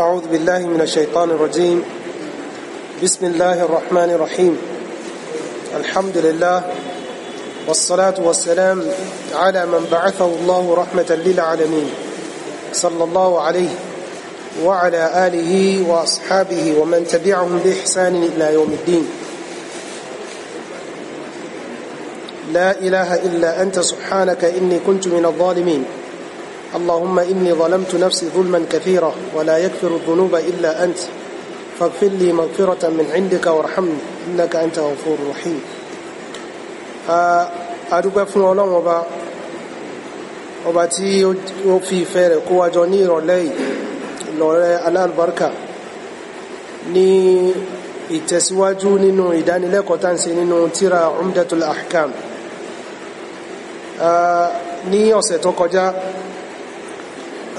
أعوذ بالله من الشيطان الرجيم بسم الله الرحمن الرحيم الحمد لله والصلاة والسلام على من بعثه الله رحمة للعالمين صلى الله عليه وعلى آله وأصحابه ومن تبعهم بإحسان إلى يوم الدين لا إله إلا أنت سبحانك إني كنت من الظالمين اللهم إني ظلمت نفسي ظلما كثيرا ولا يكفر الذنوب إلا أنت فاغفر لي مغفرة من عندك وارحمني إنك أنت غفور رحيم adúpẹ́ fún ọlọ́run ọba ọba tí ó fi ìfẹ́ rẹ̀ kó wájọ ní ìrọ̀lẹ́ ìlọ̀rẹ́ aláàlùbáríkà ní ìtẹ̀síwájú nínú ìdánilẹ́kọ̀ọ́ tá ń ṣe nínú tíra umdatul ahkam ní ọ̀sẹ̀ tó kọjá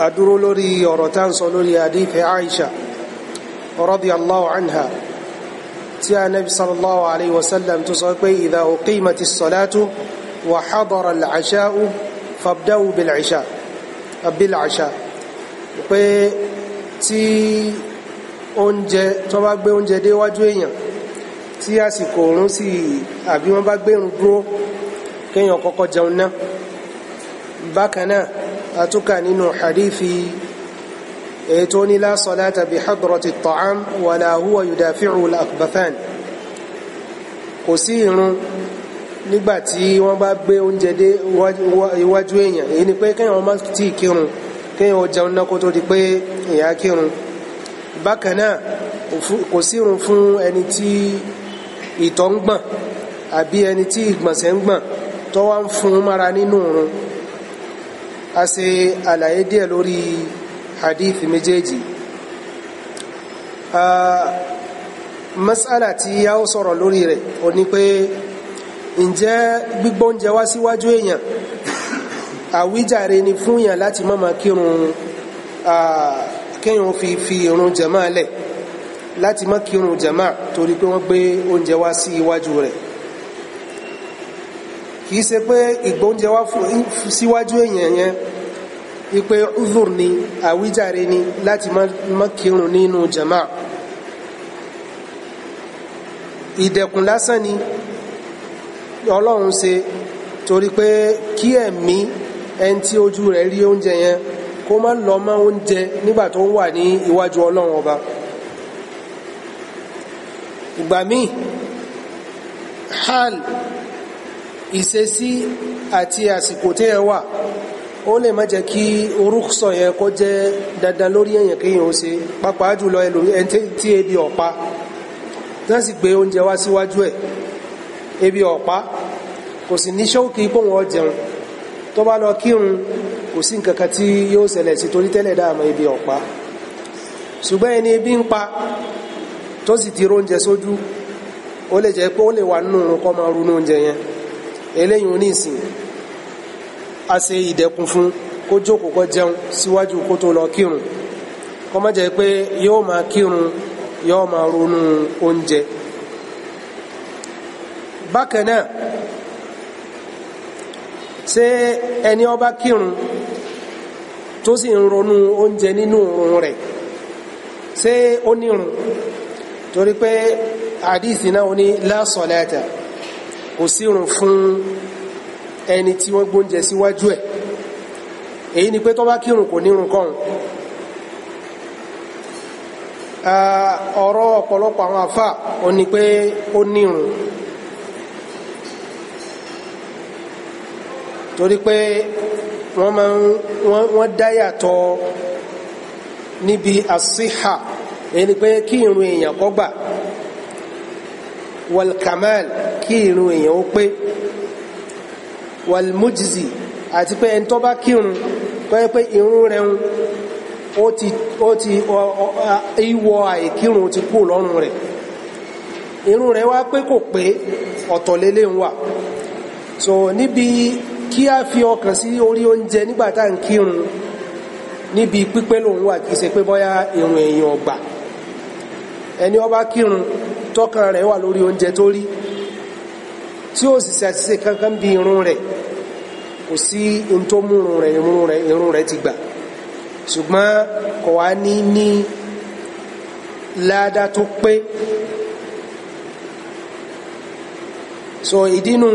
adúró lórí ọ̀rọ̀ tá ń sọ lórí adífẹ́ Aisha radiyallahu anha tí a nabi sallallahu alayhi wa sallam tó sọ pé idha uqimati salatu wa hadara al-asha'u fabda'u bil-asha bil-asha pé tí oúnjẹ tó bá gbé oúnjẹ déwájú èèyàn tí àsìkò òrùn sì àbí wọ́n bá gbé irun dúró kéèyàn kọ́kọ́ jẹun náà bákan náà atúkà nínú hadithi èyí tó ní la salata bi hadrati ta'am wala huwa yudafi'u al-akbathan kò sí irun nígbà tí wọ́n bá gbé oúnjẹ dé iwájú èèyàn èyí ni pé kéèyàn má tí ì kírun kéèyàn ó jẹun náà kó di pé èèyàn kírun bákan náà kò sí irun fún ẹni tí ìtọ̀ ń gbọ̀n àbí ẹni tí ìgbọ̀nsẹ̀ ń gbọ̀n a ṣe àlàyé díẹ̀ lórí hadith méjèèjì masala tí a ó sọ̀rọ̀ lórí rẹ̀ o ní pé ǹjẹ́ gbígbóúnjẹ wá síwájú èèyàn àwíjàre ni fún èèyàn láti má máa kírun fi fi irun jẹ̀máà lẹ̀ láti má kírun jẹ̀máà torí pé wọ́n gbé oúnjẹ wá sí iwájú rẹ̀ kìí ṣe pé ìgbóúnjẹ wá síwájú èèyàn yẹn ipe uzur ni àwíjàre ni láti má kírun nínú jama ìdẹ̀kùn lásán ni ọlọ́run ṣe torí pé kí ẹ̀mí ẹni tí ojú rẹ̀ rí oúnjẹ yẹn kó má lọ mọ́ oúnjẹ nígbà tó ń wà ní iwájú ọlọ́run ọba ìgbà míì hal Ise si àsìkò tí ẹ wà ó lè má jẹ́ kí orúkọ yẹn kó jẹ́ dandan lórí èèyàn kéèyàn ó ṣe pàápàá jùlọ ẹlòmíràn tí ebi ọ̀pá tán sì gbé oúnjẹ wá síwájú ẹ̀ ebi ọ̀pá kò sì ní ṣókí kó wọn tó bá lọ kírun kò sí nǹkan kan tí yóò ṣẹlẹ̀ sí torí tẹ́lẹ̀ dáàmà ebi ọ̀pá ṣùgbọ́n ẹni ebi ń pa tó sì ti róúnjẹ sójú ó lè jẹ́ pé ó lè wà nínú kọ́ máa oúnjẹ yẹn eléyìí onísìn a se ìdẹ̀kùn fún kó jókòó kó jẹun síwájú kó tó lọ kírun kó pé yóò máa kírun yóò máa ronú oúnjẹ bákan náà ṣé ẹni ó kírun tó sì ń ronú oúnjẹ nínú òrùn rẹ̀ ṣé ó nírun torí pé àdìsí náà kò sírun fún ẹni tí wọ́n gbóúnjẹ síwájú ẹ̀ èyí ni pé tó bá kírun kò nírun kọ́run ọ̀rọ̀ ọ̀pọ̀lọpọ̀ àwọn àfà ó ní pé ó nírun torí pé wọ́n máa ń wọ́n dáyàtọ̀ níbi àṣìhà èyí ni pé kí irun èèyàn kó gbà walkamal kí irun èèyàn ó pé walmujzi àti pé ẹni tó bá kírun tó yẹ pé irun rẹ̀ ń ó ti ó ti ìwọ àìkírun ti kú lọ́rùn rẹ̀ irun rẹ̀ wá pé kò pé ọ̀tọ̀lélé ń wà so níbi kí a fi ọkàn sí orí oúnjẹ nígbà tá à ń kírun níbi pípé lòun wà kì ṣe pé bóyá irun èèyàn ọgbà ẹni ó kírun tọ́kàn rẹ̀ wà lórí oúnjẹ tó rí tí ó sì ṣàṣìṣe kankan bí irun rẹ̀ kò sí ohun tó mú rẹ̀ irun rẹ̀ ti gbà ṣùgbọ́n kò wá ní ní ládá tó pé so ìdínú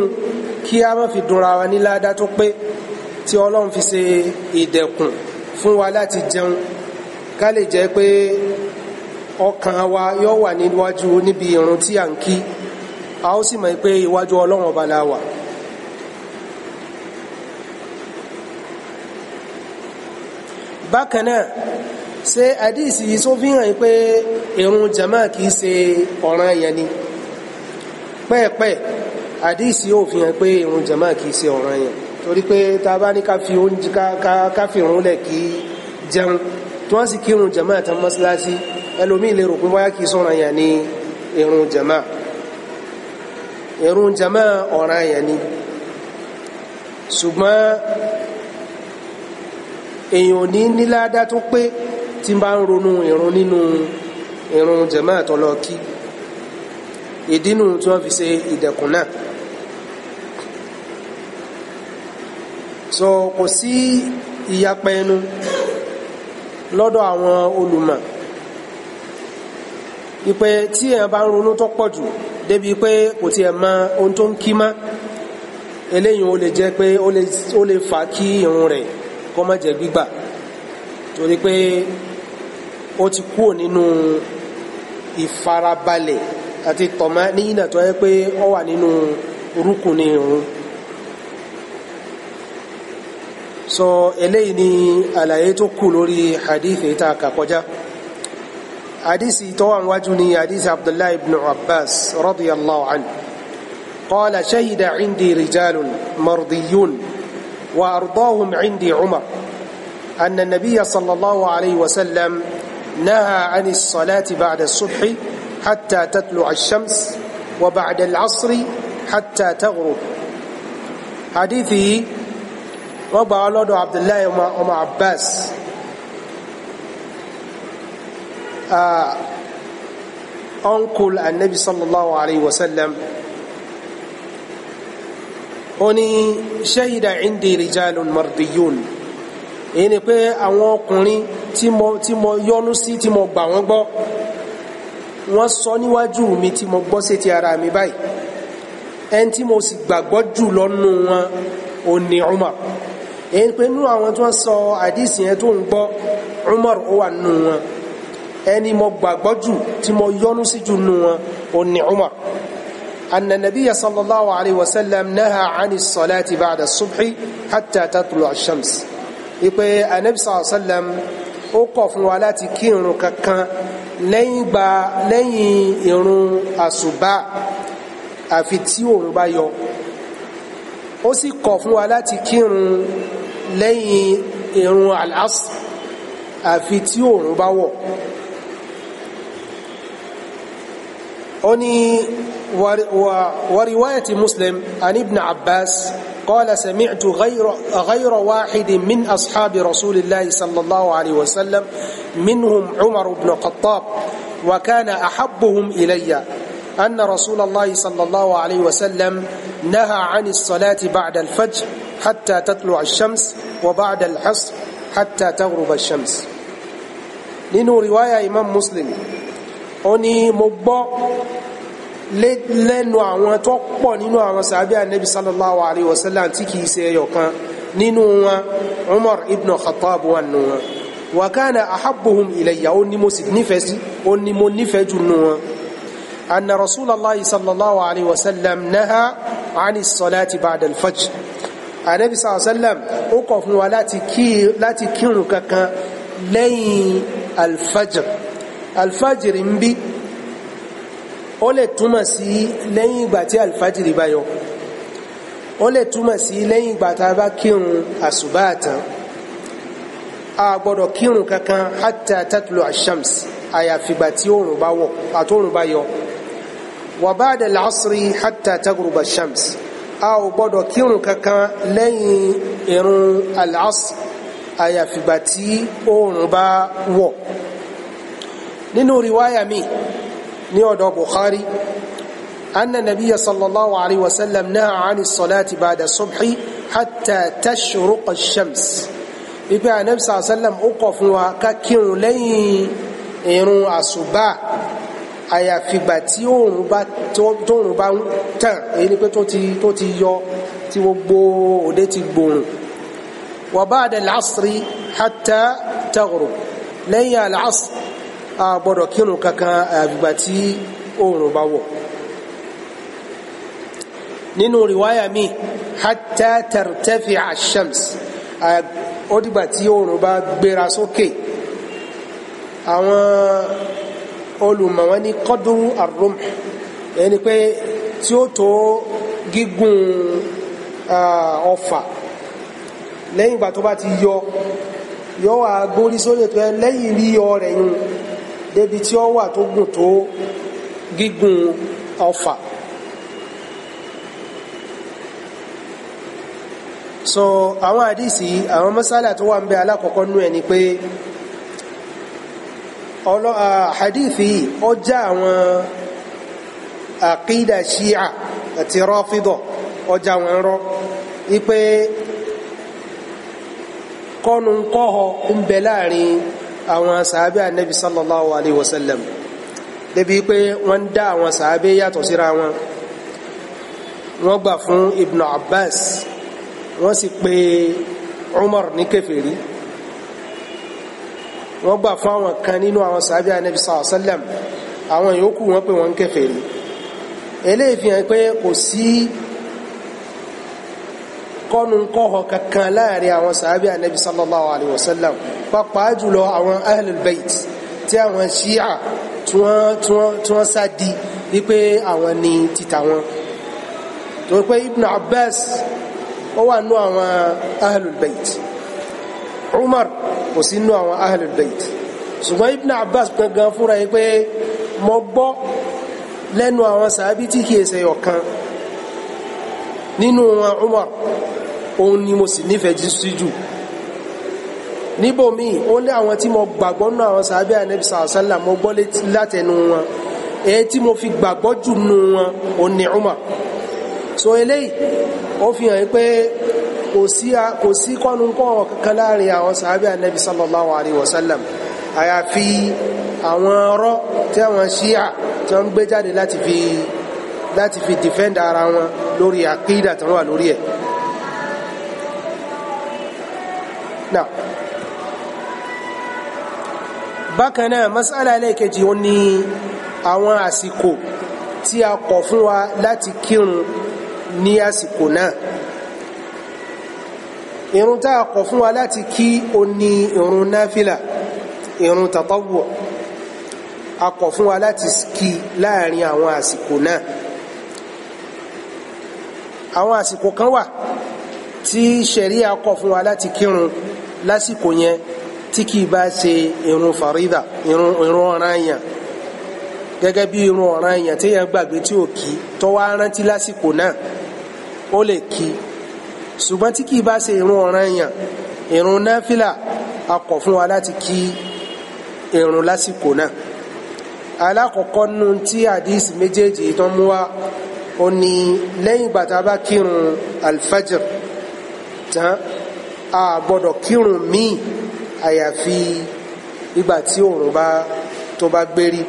kí a má fi dunra wa ní ládá tó pé tí ọlọ́run fi ṣe ìdẹ̀kùn fún wa láti jẹun ká lè jẹ́ pé ọkàn wa yóò wà níwájú níbi irun tí a ń kí a ó sì mọ̀ pé iwájú ọlọ́run ọba la wà. bákan náà ṣé àdìsí yìí tó fi hàn pé irun jama kì í ṣe ọ̀ràn yẹn ni pẹ́ẹ̀pẹ́ àdìsí yóò fi hàn pé irun jama kì í ṣe ọ̀ràn yẹn torí pé tá a bá ní ká fi oúnjẹ ká ká fi irun lẹ̀ kí jẹun tí wọ́n sì kírun jama àtàwọn mọ́ṣáláṣí ẹlòmíì lè rò pé wáyà kì í sọ̀rọ̀ yẹn ní irun jama irun jama ọ̀ràn yẹn ni ṣùgbọ́n èèyàn ní níláàdá tó pé tí n bá ń ronú irun nínú irun jama tọ́lọ kí ìdínú tí wọ́n fi ṣe ìdẹ̀kùn náà so kò sí ìyapa ẹnu lọ́dọ̀ àwọn olùmọ̀ ipe tí ẹ bá ń ronú tó pọ̀ jù débi pé kò tiẹ̀ mọ ohun tó ń kí mọ́ eléyìí ó lè jẹ́ pé ó lè fà kí irun rẹ̀ kó má jẹ́ gbígbà torí pé ó ti kúrò nínú ìfarabalẹ̀ àti tọ̀mọ́ ní ìnàtọ́ yẹ pé ó wà nínú orúkún ní irun so eléyìí ni àlàyé tó kù lórí hadith tá a حديث توان وجني حديث عبد الله بن عباس رضي الله عنه قال شهد عندي رجال مرضيون وأرضاهم عندي عمر أن النبي صلى الله عليه وسلم نهى عن الصلاة بعد الصبح حتى تطلع الشمس وبعد العصر حتى تغرب حديثي ربع لدو عبد الله وما عباس uncle anabi sallallahu alayhi wa sallam ó ní ṣẹ́yìdà indi rijalun mardiyun èyí ni pé àwọn ọkùnrin tí mo tí mo yọ́nú sí tí mo gbà wọ́n gbọ́ wọ́n sọ níwájú mi tí mo gbọ́ sétí ara mi báyìí ẹni tí mo sì gbàgbọ́ jù lọ́nu wọn ò ní Umar èyí pé nínú àwọn tí wọ́n sọ àdìsí yẹn tó ń gbọ́ Umar ó wà nínú wọn ẹni mo gbàgbọ́ jù tí mo yọ́nú sí jù nù wọn ò ní Umar anna nabiya sallallahu alayhi wa sallam naha ani salati ba'da subhi hatta tatlu ashams ipe anabi sallallahu alayhi wa sallam ó kọ̀ fún wa láti kí irun kankan lẹ́yìn gba lẹ́yìn irun àsùbá àfi tí òòrùn bá yọ ó sì kọ̀ fún wa láti kírun lẹ́yìn irun al àfi tí òòrùn bá wọ̀ أني ورواية مسلم عن ابن عباس قال سمعت غير, غير واحد من أصحاب رسول الله صلى الله عليه وسلم منهم عمر بن الخطاب وكان أحبهم إلي أن رسول الله صلى الله عليه وسلم نهى عن الصلاة بعد الفجر حتى تطلع الشمس وبعد العصر حتى تغرب الشمس لنو رواية إمام مسلم أني ní lẹ́nu àwọn tó pọ̀ nínú àwọn sàbí ànẹ́bí sallallahu alayhi wa sallam tí kìí ṣe ẹyọ kan nínú wọn Umar ibn Khattab wà nù wọn wa kana ahabbuhum ilayya ó ní mo sì nífẹ̀ẹ́ sí ó ní mo nífẹ̀ẹ́ jù nù wọn anna rasulallah sallallahu alayhi wa sallam naha ani salati ba'da al-fajr ànẹ́bí sallallahu sallam ó kọ̀ fún wa láti kírun kankan lẹ́yìn al-fajr ń bí ó lè túmọ̀ sí lẹ́yìn ìgbà tí alifájìrì bá yọ ó lè túmọ̀ sí lẹ́yìn ìgbà tá a bá kírun àṣùbá àtàn a gbọ́dọ̀ kírun kankan hatta tatlu ashams àyàfìgbà tí oòrùn bá wọ̀ àtòrùn bá yọ wa ba'da al-asri hatta taghruba shams a ò gbọ́dọ̀ kírun kankan lẹ́yìn irun al àyàfìgbà tí oòrùn bá wọ̀ nínú riwaya mi ní ọ̀dọ̀ Bukhari anna nabiya sallallahu alayhi wa sallam náà àánì sọláti ba'da subhi hatta tashruqa shams wípé anabi sallallahu alayhi wa sallam ó kọ̀ fún wa ká kírun lẹ́yìn irun àsùbá àyàfìgbà tí òòrùn bá tóòrùn bá ń tàn èyí ni pé tó ti yọ tí gbogbo òde ti gbòòrùn wa ba'da al hatta taghrub lẹ́yìn al a gbọ́dọ̀ kírun kankan àgbìgbà tí oòrùn bá wọ̀ nínú riwaya mi hatta tartafi ashams ó dìgbà tí oòrùn bá gbéra sókè àwọn olùmọ̀ ní kọ́dúrú àrùm ẹni pé tí ó tó gígùn ọfà lẹ́yìn ìgbà tó bá ti yọ yọ wà gbórí sórí ètò ẹ lẹ́yìn rí ọ rẹ̀ yun débi tí ó wà tó gùn tó gígùn ọfà so àwọn àdìsí àwọn mọ́sálà tó wà ń bẹ alákọ̀ọ́kọ́ nú ẹ̀ ni pé ọlọ́ àdìsí ó já àwọn àkídà ṣíà àti rọ́fídọ̀ ọjà wọn rọ wípé kọ́nu ń bẹ láàrin àwọn sàábẹ́ anabi sallallahu alayhi wa sallam débi pé wọ́n dá àwọn sàábẹ́ yàtọ̀ síra wọn wọ́n gbà fún ibn abbas wọ́n sì pè umar ní kèfèrí wọ́n gbà fún àwọn kan nínú àwọn sàábẹ́ anabi sallallahu alayhi wa sallam àwọn yòókù wọ́n pè wọ́n kèfèrí eléyìí fi hàn pé kò sí. Si, kọ́nu kọ́họ kankan láàrin àwọn sàábì ànábi sallallahu alayhi wa sallam pàápàá jùlọ àwọn ahlul bayt tí àwọn shia tí wọ́n sá di wípé àwọn ni títà wọn torí pé ibn abbas ó wà nú àwọn ahlul bayt umar kò sí nú àwọn ahlul bayt ṣùgbọ́n ibn abbas gangan fúnra yìí mo gbọ́ lẹ́nu àwọn sàábì tí kìí ṣe ọ̀kan nínú wọn umar òun ni mo sì nífẹ̀ẹ́ jù sí jù níbòmíì ó ní àwọn tí mo gbàgbọ́ nù àwọn sàábẹ́ ànábì sàásálà mo gbọ́ látẹnu wọn èyí tí mo fi gbàgbọ́ jù nù wọn ò ní Umar so eléyìí ó fi hàn pé kò sí kò sí kọ́nukọ́n kankan láàrin àwọn sàábẹ́ ànábì sallallahu alayhi wa sallam àyàfi àwọn ọ̀rọ̀ tí àwọn ṣíà tí wọ́n ń gbé jáde láti fi láti fi defend ara wọn lórí àkídà tí wọ́n wà lórí ẹ̀. náà bákan náà masala ẹlẹ́ẹ̀kejì ó ní àwọn àsìkò tí a kọ̀ fún wa láti kírun ní àsìkò náà irun tá a kọ̀ fún wa láti kí o ní irun náfìlà irun tàtọ́wọ̀ a kọ̀ fún wa láti kí láàrin àwọn àsìkò náà àwọn àsìkò kan wà tí ṣẹ̀rí a kọ̀ fún wa láti kírun lásìkò yẹn tí kì í bá ṣe irun farida irun ọ̀ranyàn gẹ́gẹ́ bí irun ọ̀ranyàn téèyàn gbàgbé tí ò kí tó wá rántí lásìkò náà ó lè kí ṣùgbọ́n tí kì í bá ṣe irun ọ̀ranyàn irun náfìlà a fún wa láti kí irun lásìkò náà alákọ̀ọ́kọ́ nínú tí àdísì méjèèjì tó mú wá ó ní lẹ́yìn bàtà bá kírun alfajr tán a gbọ́dọ̀ kírun míì àyàfi ìgbà tí òòrùn bá tó bá gbérí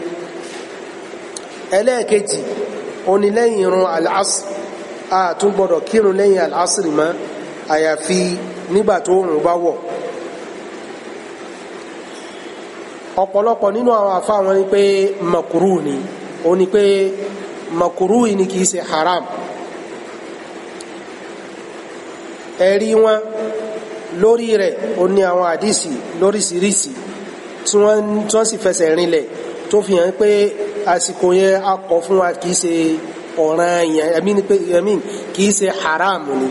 ẹlẹ́ẹ̀kejì òní lẹ́yìn irun al-asr a tún gbọ́dọ̀ kírun lẹ́yìn al-asr mọ́ àyàfi nígbà tó òòrùn bá wọ̀ ọ̀pọ̀lọpọ̀ nínú àwọn àfá ni pé makuru ni o ni pé makuru ni kìí ṣe haram ẹ̀rí wọn lórí rẹ̀ ó ní àwọn àdìsí lóríṣiríṣi tí wọ́n sì fẹsẹ̀ rinlẹ̀ tó fi hàn pé àsìkò yẹn a kọ fún wa kìí ṣe ọ̀ràn yẹn ẹ̀mí ni pé ẹ̀mí kìí ṣe haram ni.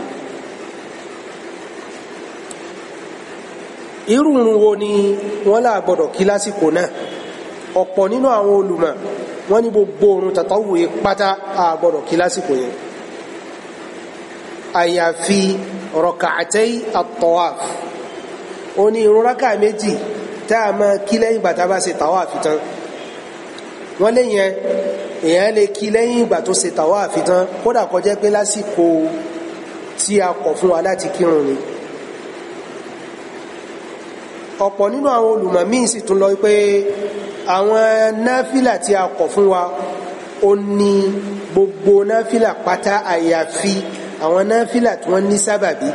irú wo ni wọ́n là gbọ́dọ̀ kí lásìkò náà ọ̀pọ̀ nínú àwọn olùmọ̀ wọ́n ní gbogbo oorun tàtàwùrẹ́ pátá a kí lásìkò yẹn àyàfi rọ̀kàtẹ́yì àtọ̀wáf ó ní irun rákà méjì tá a máa kí lẹ́yìn ìgbà tá a bá ṣe tàwáàfì tán wọ́n lè yẹn èèyàn lè kí lẹ́yìn ìgbà tó ṣe tàwáàfì tán kódà kó jẹ́ pé lásìkò tí a kọ̀ fún wa láti kírun ni ọ̀pọ̀ nínú àwọn olùmọ̀ míì sì tún lọ pé àwọn náfìlà tí a kọ̀ fún wa ó ní gbogbo náfìlà pátá àyàfi àwọn náfìlà tí wọ́n ní sábàbí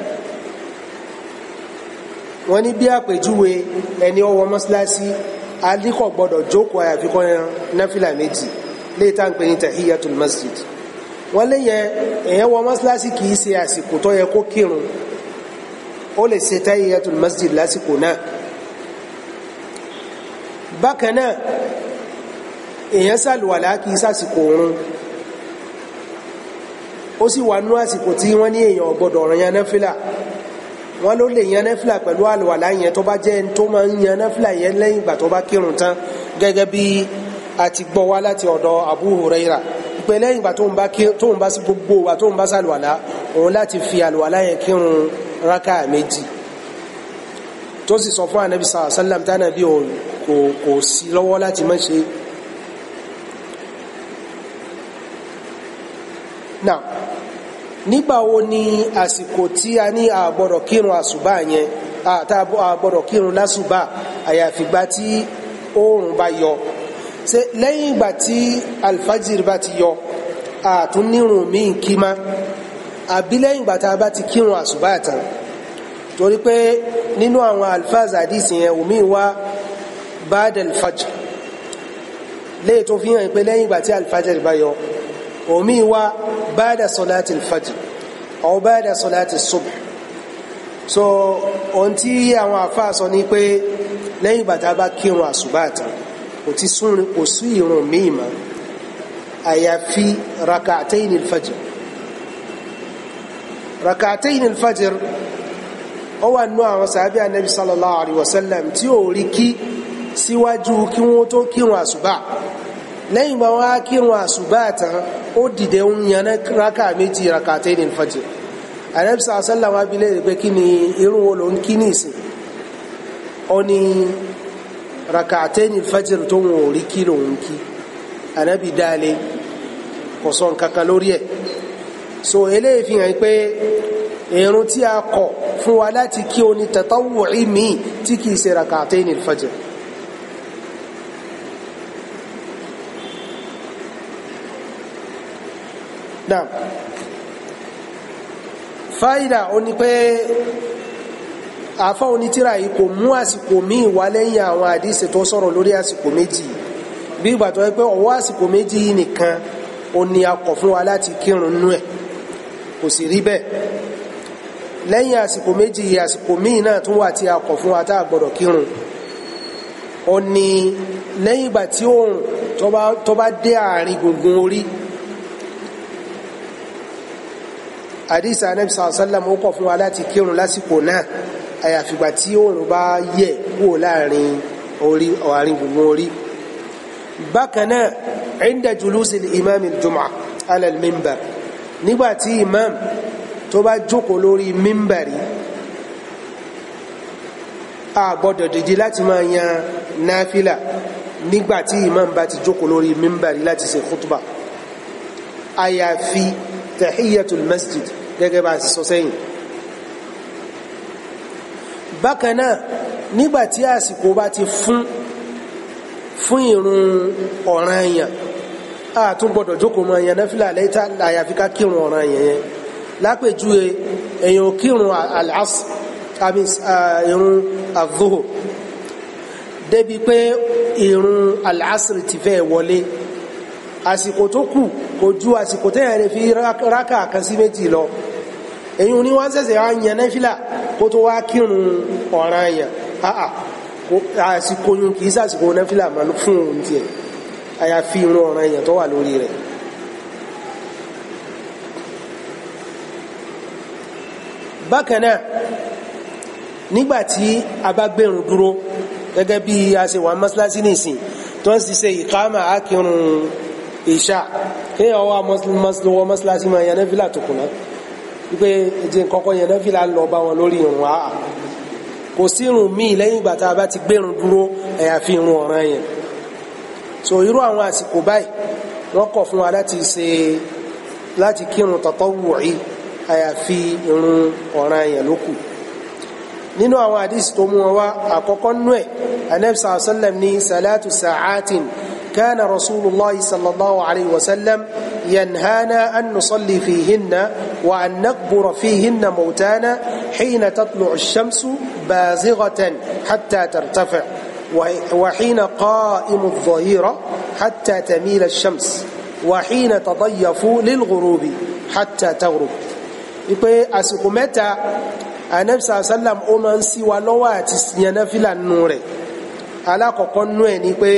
wọ́n ní bí àpèjúwe ẹni ọwọ́ mọ́sálásí alíkọ̀ gbọ́dọ̀ jókòó àyàfi kó yan náfìlà méjì lè tá n pè ní tahiyatul masjid wọ́n lè yẹn èèyàn wọ mọ́sálásí kì í ṣe àsìkò tó yẹ kó kírun ó lè ṣe tahiyatul masjid lásìkò náà bákan náà èèyàn sàlùwàlá kì í ṣàsìkò òun ó sì wà nú àsìkò tí wọ́n ní èèyàn gbọ́dọ̀ ọ̀ràn yan náfìlà wọ́n ló lè yan náfìlà pẹ̀lú àlùwàlá yẹn tó bá jẹ́ ẹni tó máa ń yan yẹn lẹ́yìn ìgbà tó bá kírun tán gẹ́gẹ́ bí a ti gbọ́ wá láti ọ̀dọ̀ Abu Huraira pé lẹ́yìn ìgbà tó ń bá sí gbogbo wa tó ń bá sàlùwàlá òun láti fi àlùwàlá yẹn kírun rákà méjì tó sì sọ fún ànábì sàlám tánàbí kò sí lọ́wọ́ láti má ṣe. now nígbà wo ni àsìkò tí a ní àgbọ̀dọ̀ kírun àsùbà yẹn àtàbọ̀ àgbọ̀dọ̀ kírun lásùbà àyàfìgbà tí oòrùn bá yọ ṣe lẹ́yìn ìgbà tí alfajir bá ti yọ àtúnírun míì kí má àbí lẹ́yìn ìgbà tá a bá ti kírun àsùbà tán torí pé nínú àwọn alfaz àdìsí yẹn omi wá bad alfajir léè tó fi hàn pé lẹ́yìn ìgbà tí alfajir bá yọ omi wá bada solati al-fajr aw bada solati subh so ohun tí àwọn àfáà sọ ni pé lẹ́yìn bàtà bá kírun àsùbá tán kò ti sún kò sí ìrun míì mọ́ àyàfi rak'atayn al-fajr rak'atayn al-fajr ó wà nú àwọn sallallahu alayhi wa sallam tí ò rí kí síwájú kí wọ́n tó kírun lẹ́yìn bá wá kírun àṣùbá àtàn ó dìde ń yan rákà méjì rákàtẹ́ ní fàjì àrẹ́bísà àṣálà wá bí léèrè pé kí ni irun wo ló ń kí ní ìsìn ó ní rákàtẹ́ ní fàjì tó ń rí kí ló ń kí ànábì dáálé kò sọ nǹkankan lórí ẹ̀ so eléyìí fi hàn pé irun tí a kọ̀ fún wa láti kí o ní tàtàwùrí míì tí kìí ṣe rákàtẹ́ ní fàjì náà faida ó ní pé àfọ́ onítìrà yìí kò mú àsìkò míì wá lẹ́yìn àwọn àdíṣe tó sọ̀rọ̀ lórí àsìkò méjì bí ìgbà tó yẹ pé ọwọ́ àsìkò méjì yìí nìkan ó ní akọ̀ fún wa láti kírun nú ẹ̀ kò sì rí bẹ́ẹ̀ lẹ́yìn àsìkò méjì yìí àsìkò míì náà tún wà tí akọ̀ fún wa tá a gbọ́dọ̀ kírun ó ní lẹ́yìn ìgbà tí òun tó bá dé àárín àdìsá anabi sàlọ́sálàmù ó kọ̀ fún wa láti kírun lásìkò náà àyàfìgbà tí òòrùn bá yẹ̀ wò láàrin orí ọ̀hàrin gbùngbùn orí bákan náà inda julusi imam al-jum'a ala al-mimbar nígbà tí imam tó bá jókòó lórí mímbàrí a gbọ́dọ̀ dìde láti máa yan náfìlà nígbà tí imam bá ti jókòó lórí mímbàrí láti ṣe khutba àyàfi tahiyatul masjid gẹ́gẹ́ bá a ti sọ sẹ́yìn bákan náà nígbà tí àsìkò bá ti fún fún ìrun ọ̀ranyàn a tún gbọdọ̀ jókòó mọ́ ẹ̀yàn náfìlà lẹ́yìn tá àyàfi ká kírun ọ̀ranyàn yẹn lápèjúwe èèyàn kírun àlásì àbí ìrun àdúhò débi pé ìrun àlásì ti fẹ́ wọlé àsìkò tó kù kò ju àsìkò téèyàn lè fi rákà kan sí méjì lọ èyí ni wọ́n ṣẹ̀ṣẹ̀ wá yan náfìlà kó tó wá kírun ọ̀ràn yàn àà àsìkò yun kì í sàsìkò náfìlà máa fún òun tiẹ̀ àyàfi irun ọ̀ràn yàn tó wà lórí rẹ̀. bákan náà nígbàtí a bá gbẹ̀rún dúró gẹ́gẹ́ bí a ṣe wà mọ́sálásí nìsín tó ń ṣiṣẹ́ ìkámà á ìṣà kéèyàn wá mọ́sílọ́wọ́ mọ́síláṣí máa yan nẹ́fìlà tó kùnà wípé èdè kọ́kọ́ yan nẹ́fìlà lọ bá wọn lórí ìrùn àá kò sí ìrùn míì lẹ́yìn ìgbà tá a bá ti gbérun dúró àyàfi ìrùn ọ̀ràn yẹn so irú àwọn àsìkò báyìí wọ́n kọ̀ fún wa láti ṣe láti kírun tatawwu'i àyàfi ìrùn ọ̀ràn yẹn lókù nínú àwọn àdìsí tó mú wọn wá àkọ́kọ́ nú ẹ̀ anẹ́bísà sallam ní كان رسول الله صلى الله عليه وسلم ينهانا أن نصلي فيهن وأن نقبر فيهن موتانا حين تطلع الشمس بازغة حتى ترتفع وحين قائم الظهيرة حتى تميل الشمس وحين تضيف للغروب حتى تغرب ipe àsìkò mẹ́ta anabisa sallam ó máa ń ṣí wa lọ́wọ́ àti yànnáfìlà nù rẹ̀ alákọ̀ọ́kọ́ nù ẹ̀ ni pé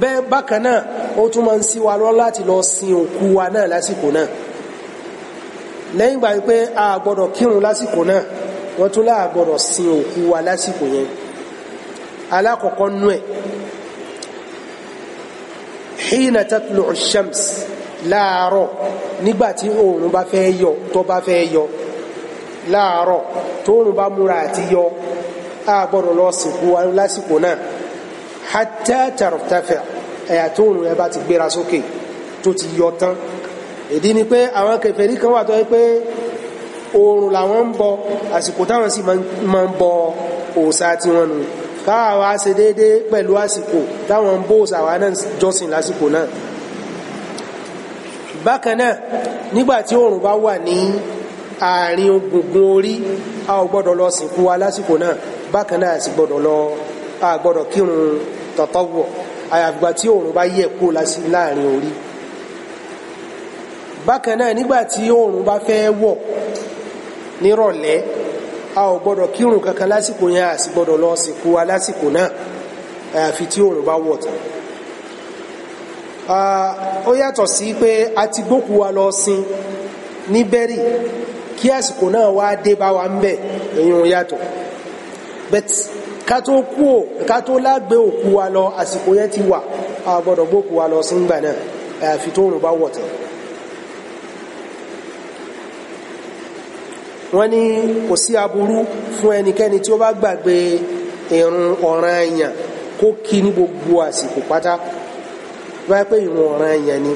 bẹ́ẹ̀ bákan náà ó tún máa ń sí wa lọ láti lọ sin òkú wa náà lásìkò náà lẹ́yìn ìgbà wípé a gbọ́dọ̀ kírun lásìkò náà wọ́n tún láà gbọ́dọ̀ sin òkú wa lásìkò yẹn alákọ̀ọ́kọ́ nú ẹ̀ hína tatlu shams láàárọ̀ nígbàtí oòrùn bá fẹ́ yọ tó bá fẹ́ yọ láàárọ̀ tóòrùn bá múra àti yọ a gbọ́dọ̀ lọ sìnkú wa lásìkò náà hatta tartafi ẹ̀yà tó òun rẹ̀ bá ti gbéra sókè tó ti yọ tán ìdí ni pé àwọn kèfèrí kan wà tó yẹ pé oòrùn làwọn ń bọ àsìkò táwọn sì máa ń bọ òòṣà tí wọn nù káàwá ṣe déédéé pẹ̀lú àsìkò táwọn ń bọ òòṣà wa náà jọ́sìn lásìkò náà bákan náà nígbàtí oòrùn bá wà ní àárín gbùngbùn orí a ò gbọ́dọ̀ lọ sìnkú wa lásìkò náà bákan náà a sì gbọ́dọ̀ lọ a gbọ́dọ̀ kírun tọ́tọ́wọ̀ àyàgbà tí òòrùn bá yẹ̀ kó láàrin orí bákan náà nígbà tí òòrùn bá fẹ́ wọ̀ nírọ̀lẹ́ a ò gbọ́dọ̀ kírun kankan lásìkò yẹn a sì gbọ́dọ̀ lọ sìnkú wa lásìkò náà àyàfi tí òòrùn bá wọ̀ tán ó yàtọ̀ sí pé a ti gbókù wa lọ sin ní bẹ́rì kí àsìkò náà wá dé bá wa ń bẹ̀ èyí ò yàtọ̀ bẹ́ẹ̀ ká tó kú ò ká tó lágbé òkú wa lọ àsìkò yẹn ti wà a gbọ́dọ̀ gbókú wa lọ síngbà náà àfi tó rùn bá wọ̀tẹ̀ wọ́n ní kò sí aburú fún ẹnikẹ́ni tí ó bá gbàgbé ìrun ọ̀ranyàn kó kí ní gbogbo àsìkò pátá báyìí pé ìrun ọ̀ranyàn ni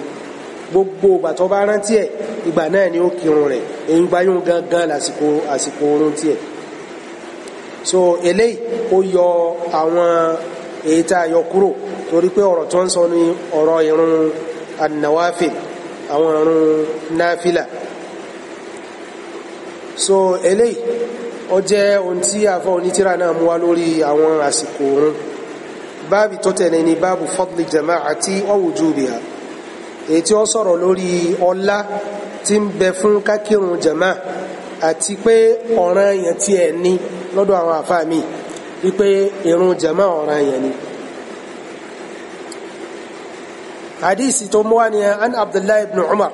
gbogbo ìgbà tó bá rántí ẹ̀ ìgbà náà ni ó kírun rẹ̀ èyí gbáyún gangan lásìkò àsìkò orun tiẹ̀ so eléyìí ó yọ àwọn èyí tá a yọ kúrò torí pé ọ̀rọ̀ tó ń sọ ní ọ̀rọ̀ irun an àwọn irun náfìlà so eléyìí ó jẹ́ ohun tí àfọ onítìrà náà mú wá lórí àwọn àsìkò òun báàbì tó tẹ̀lé ni báàbù fadli jama'ati wa wujubiha èyí tí ó sọ̀rọ̀ lórí ọlá tí ń bẹ fún kákírun jama àti pé ọ̀ranyàn tí ẹ̀ ní lọ́dọ̀ àwọn àfáà mi wípé irun jama ọ̀ranyàn ni hadisi tó mú wá ni an abdullahi ibn umar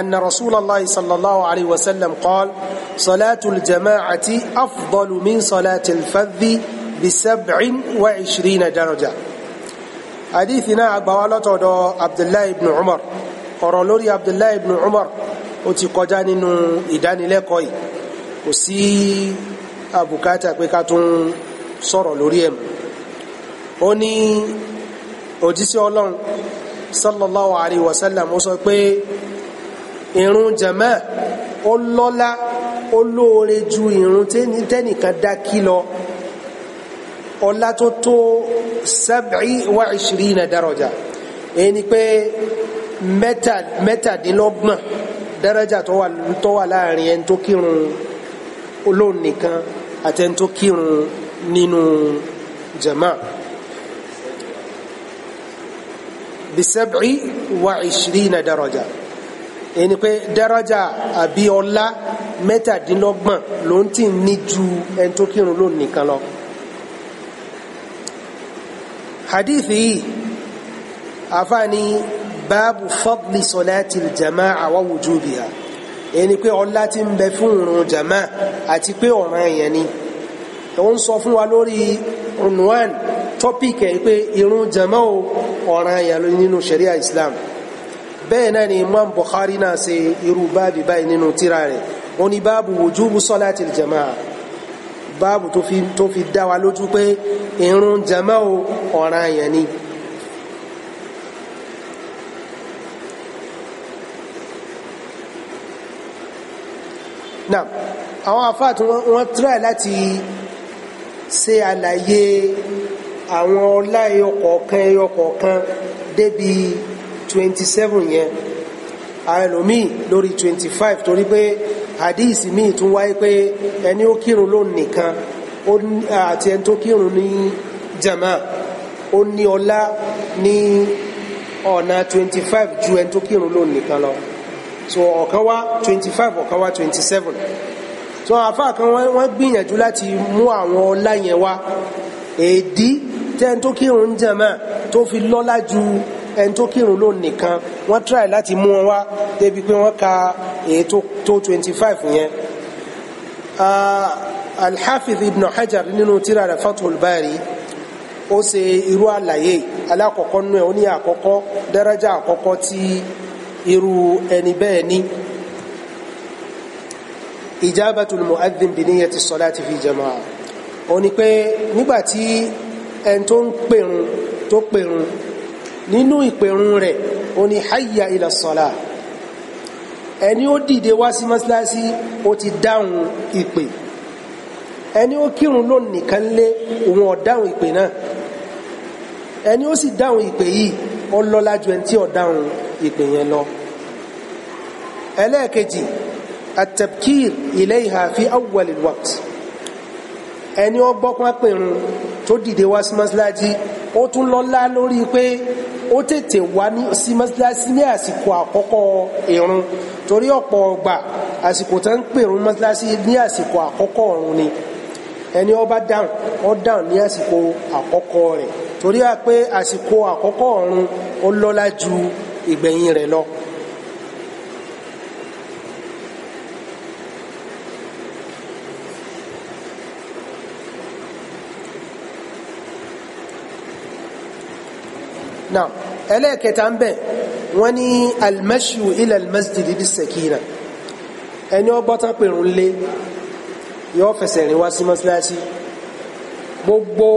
أن رسول الله صلى الله عليه وسلم قال صلاة الجماعة أفضل من صلاة الفذ بسبع وعشرين درجة حديثنا بوالة عبد الله بن عمر قرولوري عبد الله بن عمر ó ti kọjá nínú ìdánilẹ́kọ̀ọ́ yìí kò sí àbùkátà pé ká tún sọ̀rọ̀ lórí ẹ̀ ó ní òjíṣẹ́ ọlọ́run sallallahu alayhi wa sallam ó sọ pé ìrun jama ó lọ́lá ó lóore ju ìrun tẹ́nìkan dákí lọ ọlá tó tó sab'i wa ishirina daraja èyí ni pé mẹ́tàdínlọ́gbọ̀n daraja tó wà láàrin ẹni tó kírun olóòníkan àtẹni tó kírun nínú jama bisab'i wa ishrina daraja ẹni pé daraja àbí ọlá mẹ́tàdínlọ́gbọ̀n ló ń tì ní ju ẹni tó kírun lónìí nìkan lọ hadithi yìí afaani baabu fadli solaati jama'a wa wujubiha ẹni pé ọlá ti ń bẹ fún ìrun jama àti pé ọ̀ràn èèyàn ni ó ń sọ fún wa lórí unwan topic ẹ̀ pé ìrun jama o ọ̀ràn èèyàn nínú sharia islam bẹ́ẹ̀ náà ni imam bukhari náà ṣe irú báàbì báyìí nínú tírà rẹ̀ ó ní báàbù wujubu salati jama báàbù tó fi dá wa lójú pé ìrun jama o ọ̀ràn èèyàn ni. náà àwọn àfáà tí wọ́n try láti ṣe àlàyé àwọn ọlá ẹyọkọ̀ọ̀kan ẹyọkọ̀ọ̀kan débi 27 yẹn àìlòmíì lórí 25 torí pé hadith míì tún wáyé pé ẹni ó kírun ló nìkan àti ẹni tó kírun ní jama ó ní ọlá ní ọ̀nà 25 ju ẹni tó kírun ló nìkan lọ so ọ̀kan wá twenty five ọ̀kan wá twenty seven so àfa kan wọ́n gbìyànjú láti mú àwọn ọlá yẹn wá èdí tẹ́ni tó kírun ń jẹ̀mọ́ tó fi lọ́lá ju ẹni tó kírun ló nìkan wọ́n try láti mú wọn wá débi pé wọ́n ka èyí tó twenty five yẹn. al Ibn Hajar nínú tírà rẹ̀ Fathul Bari ó ṣe irú àlàyé alákọ̀ọ́kọ́ nínú ẹ̀ ó ní àkọ́kọ́ dẹ́rẹ́jà àkọ́kọ́ tí irú ẹni bẹ́ẹ̀ ní ijabatul mu'adhdhin bi niyyati salati fi jama'a ó ní pé nígbàtí ẹni tó ń pèrun tó pèrun nínú ìpèrun rẹ̀ ó ní hayya ila salah ẹni ó dìde wá sí mọ́síláṣí ó ti dáhùn ìpè ẹni ó kírun ló nìkan lé òun ó ìpè náà ẹni ó sì dáhùn ìpè yìí ó lọ́lá ju ẹni tí ó ìpè yẹn lọ ẹlẹ́ẹ̀kejì at-tabkir ilayha fi awwal al-waqt ẹni ó gbọ́pọ́n pèrún tó dìde wá sí mọ́síláàjì ó tún lọ́lá lórí pé ó tètè wá sí mọ́síláàjì ní àsìkò àkọ́kọ́ ìrun torí ọ̀pọ̀ ọgbà àsìkò tó ń pèrún mọ́síláàjì ní àsìkò àkọ́kọ́ ọ̀run ni ẹni ó dáhùn ó dáhùn ní àsìkò àkọ́kọ́ rẹ̀ torí pé àsìkò àkọ́kọ́ ọ̀run ó lọ́lá ju ìgbẹ̀yìn rẹ̀ lọ. na ẹlẹ́ẹ̀kẹta ń bẹ̀ wọ́n ní almashu ila almasjid bisakina ẹni ọgbọ́tán pèrún lé yóò fẹsẹ̀ rìn wá sí mọ́síláṣí gbogbo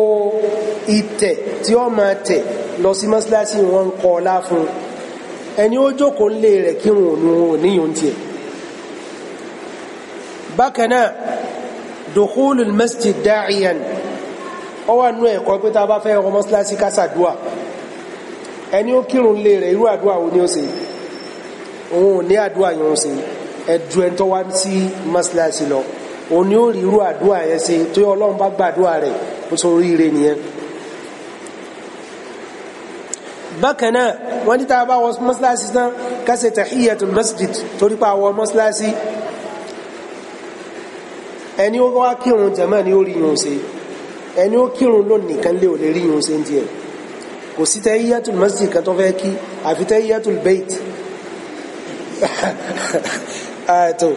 ìtẹ̀ tí ó máa tẹ̀ lọ sí mọ́síláṣí wọn ń kọ́ ọlá fún un ẹni ó jókòó ń lé rẹ̀ kírun òun níyùn tiẹ̀ bákan náà dukhulul masjid da'iyan ó wà nú ẹ̀kọ́ pé tá a bá fẹ́ ọmọ síláṣí kásàdúà ẹni ó kírun lé rẹ̀ irú àdúà wo ni ó ṣe òun ò ní àdúà yẹn ó ṣe ẹ̀dù ẹ̀ tó wá sí mọ́síláṣí lọ òun ó rí irú àdúà yẹn ṣe tó yẹ ọlọ́run bá gbàdúà rẹ̀ ó sọ oríire nìyẹn bákan náà wọ́n ní tá a bá wọ mọ́sálásí tán ká ṣe tahiyatul masjid torí pa àwọn mọ́sálásí ẹni ó wá kírun jàmáà ni ó rí yun ṣe ẹni ó kírun lónìí kan lé ò rí yun ṣe ń tiẹ̀ kò sí tahiyatul masjid kan tó fẹ́ kí àfi tahiyatul bait ààtò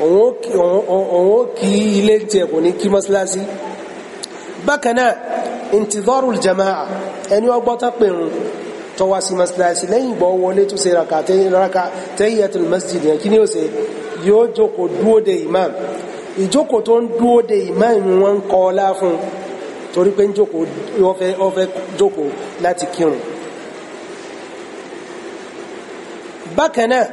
ah, òun ó kí ilé tiẹ̀ kò ní kí mọ́sálásí bákan náà jama'a ẹni ọgbọ́n tán pèrún tó wá sí masilasi lẹ́yìn ìbọ̀ wọlé tó ṣe raka raka tahiyatul masjid yẹn kí ni ó ṣe yóò jókòó dúó de imam ìjókòó tó ń dúó de imam wọn ń kọ́ ọlá fún torí pé ń jókòó ó fẹ́ jókòó láti kírun bákan náà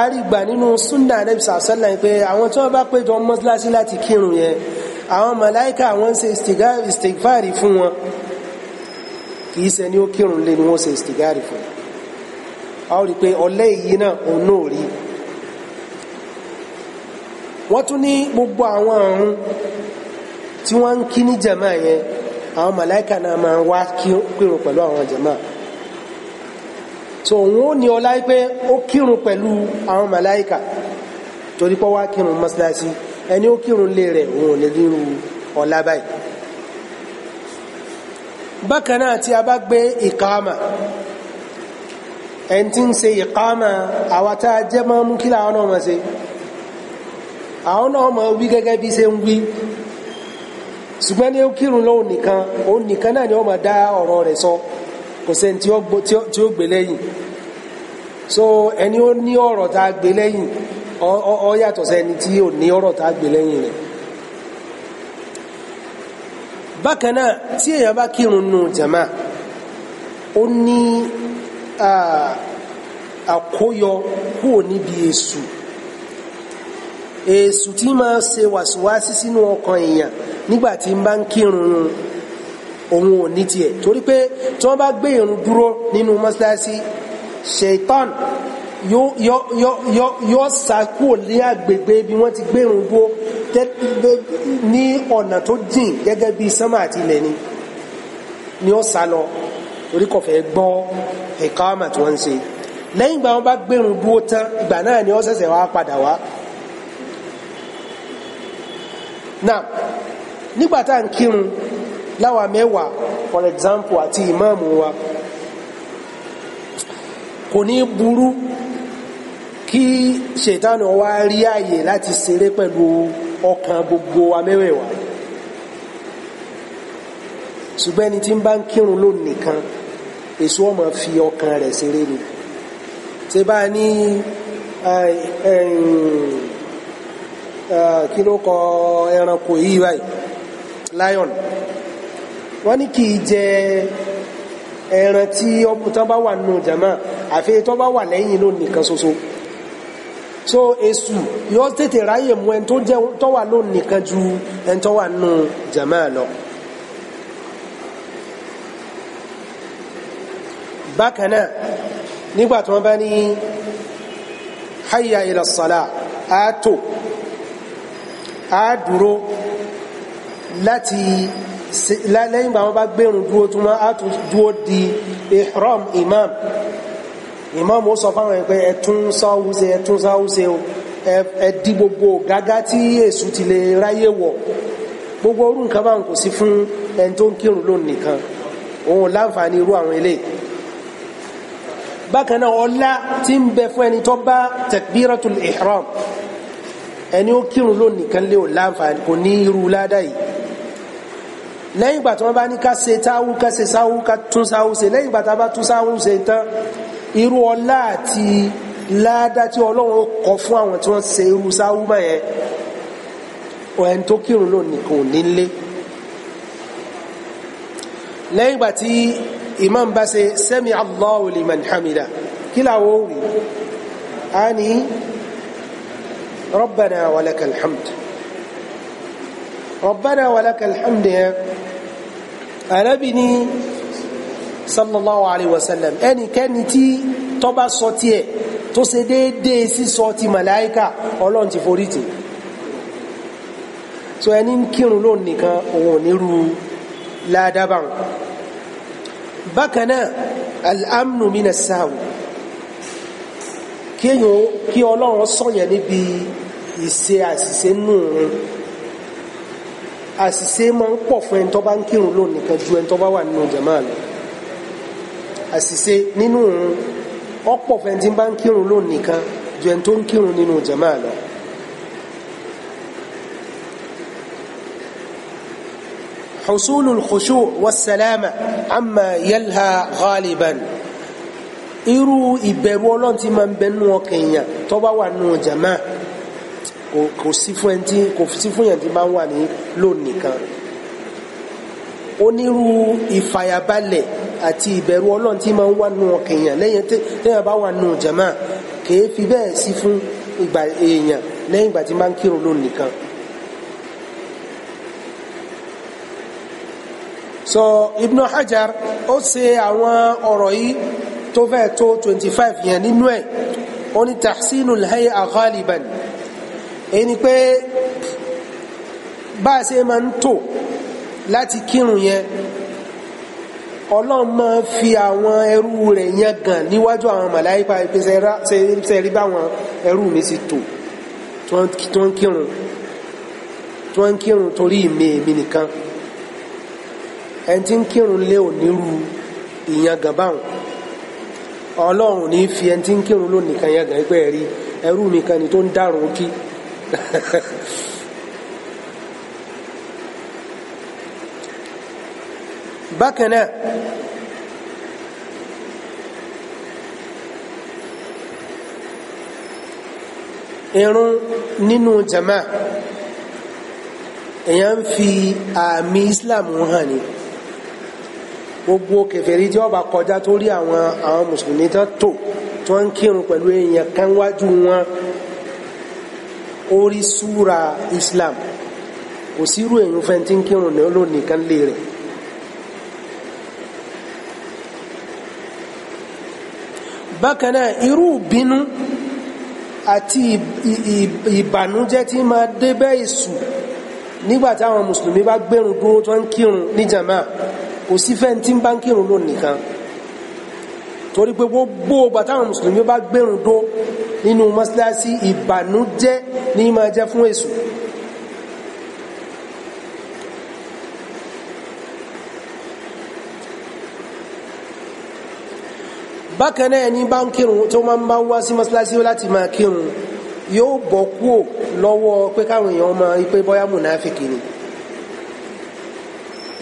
a rí gbà nínú súnà Ànábì sàṣẹ́lá pé àwọn tí wọ́n bá péjọ mọ́síláṣí láti kírun yẹn àwọn màláíkà àwọn ń ṣe istighfari fún wọn kìí ṣe ni ó kírun lé ni wọ́n ṣe istigari fún a ó rí i pé ọ̀lẹ́ yìí náà òun náà rí wọ́n tún ní gbogbo àwọn àrùn tí wọ́n ń kí ní jama yẹn àwọn màláìka náà máa wá kírun pẹ̀lú àwọn jama so òun ó ní ọlá pé ó kírun pẹ̀lú àwọn màláìka torí pé wá kírun mọ́sálásí ẹni ó kírun lé rẹ̀ òun ò lè rírun ọlá báyìí bákan náà tí a bá gbé ìkáàmà ẹni tí ń ṣe ìkáàmà àwọn tá a jẹ́ máa mú kí làwọn náà máa ṣe àwọn náà máa wí gẹ́gẹ́ bí ṣe ń wí ṣùgbọ́n ní kírun lóhùn nìkan òun nìkan náà ni wọ́n máa dá ọ̀rọ̀ rẹ̀ sọ kò sẹ́ni tí ó gbé lẹ́yìn so ẹni ó ní ọ̀rọ̀ tá a gbé lẹ́yìn ó yàtọ̀ sẹ́ni tí ò ní ọ̀rọ̀ tá a gbé lẹ́yìn rẹ̀ bákanáà tí èèyàn bá kírun nù jama ó ní àkóyọ kúrò níbi èsù èsù tí ma ṣe wàsíwàsí sínú ọkàn èèyàn nígbàtí tí ń bá ń kírun òun ò ní tiẹ̀ torí pé tí wọ́n bá gbé irun dúró nínú mọ́ṣáláṣí ṣèitán yóò sàkúò lé àgbègbè bí wọ́n ti gbérun bó ní ọ̀nà tó jìn gẹ́gẹ́ bí sánmà àti ilẹ̀ ni ni ó sá lọ orí kò fẹ́ gbọ́ ìkáwàmà tí wọ́n ń ṣe lẹ́yìn ìgbà wọn bá gbérun dúró tán ìgbà náà ni ó ṣẹ̀ṣẹ̀ wá padà wá náà nígbà tá à ń kírun láwa mẹ́wàá for example àti ìmáàmù wa kò ní burú kí ṣètánù wá rí àyè láti ṣeré pẹ̀lú ọkàn gbogbo wa mẹ́wẹ̀ẹ̀wá ṣùgbọ́n ẹni tí ń bá ń kírun ló nìkan èso ọmọ fi ọkàn rẹ̀ ṣeré ni ṣe bá ní kí ló kọ ẹranko yìí báyìí lion wọ́n ní kì í jẹ ẹran tí ọmọ tó bá wà nù jàmá àfi tó bá wà lẹ́yìn ló nìkan ṣoṣo. So -so so èsù yóò tètè ráyè mú ẹni tó jẹ tó wà lónìí nìkan ju ẹni tó wà nù jàmá lọ. bákan náà nígbà tí wọ́n bá ní hayya ila sala á tò dúró láti lẹ́yìn ìgbà wọ́n bá gbẹ̀rún dúró tó máa á tún dúró di ihram imam ìmáàmù ó sọ fáwọn ẹgbẹ́ ẹtún sáwúse ẹtún sáwúse o ẹdí gbogbo gágá tí èṣù ti lè ráyè wọ̀ gbogbo orú nǹkan báwọn kò sí fún ẹni kírun lónìí nìkan òun láǹfààní irú àwọn eléyìí bákan náà ọlá tí ń bẹ fún ẹni tó bá takbiratul ihram ẹni ó kírun lónìí kan lé ò láǹfààní kò ní irú ládà yìí lẹ́yìn ìgbà tí wọ́n bá ní ká ṣe táwú ká ṣe sáwú ká tún sáwú ṣe lẹ́yìn ìgbà bá tún sáwú ṣe tán irú ọlá àti ládá tí ọlọ́run kọ fún àwọn tí wọ́n ṣe irú sáwúmọ̀ yẹn ẹni tó kírun ló nìkan ò nílé lẹ́yìn ìgbà tí imam bá ṣe sẹ́mi Allahu liman hamida kí làwọn rí a ní rabbana walakal hamd rabbana yẹn arábìnrin sallallahu alayhi wa sallam ẹnikẹ́ni tí tó bá sọ tiẹ̀ tó ṣe déédéé sísọ ti màláíkà ọlọ́run ti forí tì so ẹni ń kírun lóun nìkan òun ò ní ru ládàbàn bákan náà al-amnu mina sáwù kéèyàn kí ọlọ́run sọ̀yàn níbi ìṣe àṣìṣe nù un àṣìṣe máa ń pọ̀ fún ẹni tó ń kírun lóun nìkan ju ẹni tó wà nínú jàmáà lọ àṣìṣe nínú òun ọ̀pọ̀ fẹ́ntì bá ń kírun lónìí nìkan ju ẹni tó ń kírun nínú jama lọ. حصول الخشوع والسلامة عما يلها غالبا irú ìbẹ̀rù ọlọ́run ti máa ń bẹ nínú ọkàn èèyàn tó bá wà nínú jama kò sí fún ẹni kò sí fún èèyàn tí máa ń wà ní lónìí kan onírú ìfàyàbalẹ̀ àti ìbẹ̀rù ọlọ́run tí máa ń wà nù ọkàn èèyàn lẹ́yìn téèyàn bá wà nù jàmá kèé fi bẹ́ẹ̀ sí fún ìgbà èèyàn lẹ́yìn ìgbà tí máa ń kírun lónìí nìkan. sọ Ibn Hajar ó ṣe àwọn ọ̀rọ̀ yìí tó fẹ́ tó twenty five yẹn nínú ẹ̀ ó ní tahsinul hay'a ghaliban ẹni pé bá a ṣe máa ń tò láti kírun yẹn ọlọ́run máa fi àwọn ẹrú rẹ̀ yẹn gàn níwájú àwọn màláìka ìpèsè ṣẹ́rí báwọn ẹrú mi sì tò tí wọ́n ń kírun tí wọ́n ń kírun torí ìmí èmi nìkan ẹni tí ń kírun lé onírú ìyangàn báwọn ọlọ́run ní fi ẹni tí ń kírun lónìí kan yẹn gàn pé ẹ̀rí ẹrú mi kan ni tó ń dárun kí bákan náà irun nínú jama èyàn ń fi àmì islam hàn ní gbogbo kèfèrí tí wọ́n bá kọjá tó rí àwọn àwọn mùsùlùmí tó tò tó ń kírun pẹ̀lú èèyàn kan wájú wọn orí islam kò sírú èyàn fẹ́ tí ń kírun ní kan lè rẹ̀ bákan náà irú ìbínú àti ìbànújẹ́ tí máa débẹ̀ èṣù nígbà táwọn mùsùlùmí bá gbẹ̀rún dúró tó ń kírun ní jàmá kò sí fẹ́ tí ń bá ń kírun lónìí nìkan torí pé gbogbo ìgbà táwọn mùsùlùmí bá gbẹ̀rún dúró nínú mọ́sálásí ìbànújẹ́ ní máa jẹ́ fún èṣù bákan náà ẹni bá ń kírun tó máa ń bá wá sí mọ́sálásí láti máa kírun yóò bọ́ kúò lọ́wọ́ pé káwọn èèyàn máa rí pé bóyá mùnáfíkì ni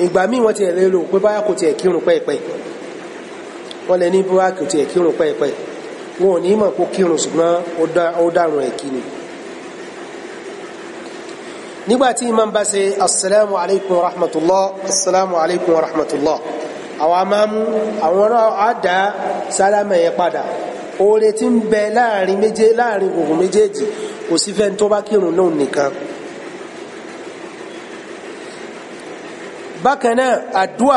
ìgbà míì wọ́n ti rẹ̀ lò pé bóyá kò tiẹ̀ kírun pẹ́ẹ̀pẹ́ wọ́n lè ní bóyá kò tiẹ̀ kírun pẹ́ẹ̀pẹ́ wọn ò ní mọ̀ kó kírun ṣùgbọ́n ó dàrún ẹ̀ kí ni nígbà tí imam bá ṣe assalamu alaikum wa rahmatullah assalamu alaikum wa rahmatullah àwọn amáàmú àwọn náà á dá sálámà yẹn padà oore tí ń bẹ láàrin méje láàrin gbogbo méjèèjì kò sí fẹ́ni tó bá kírun lóhun nìkan. bákan náà àdúà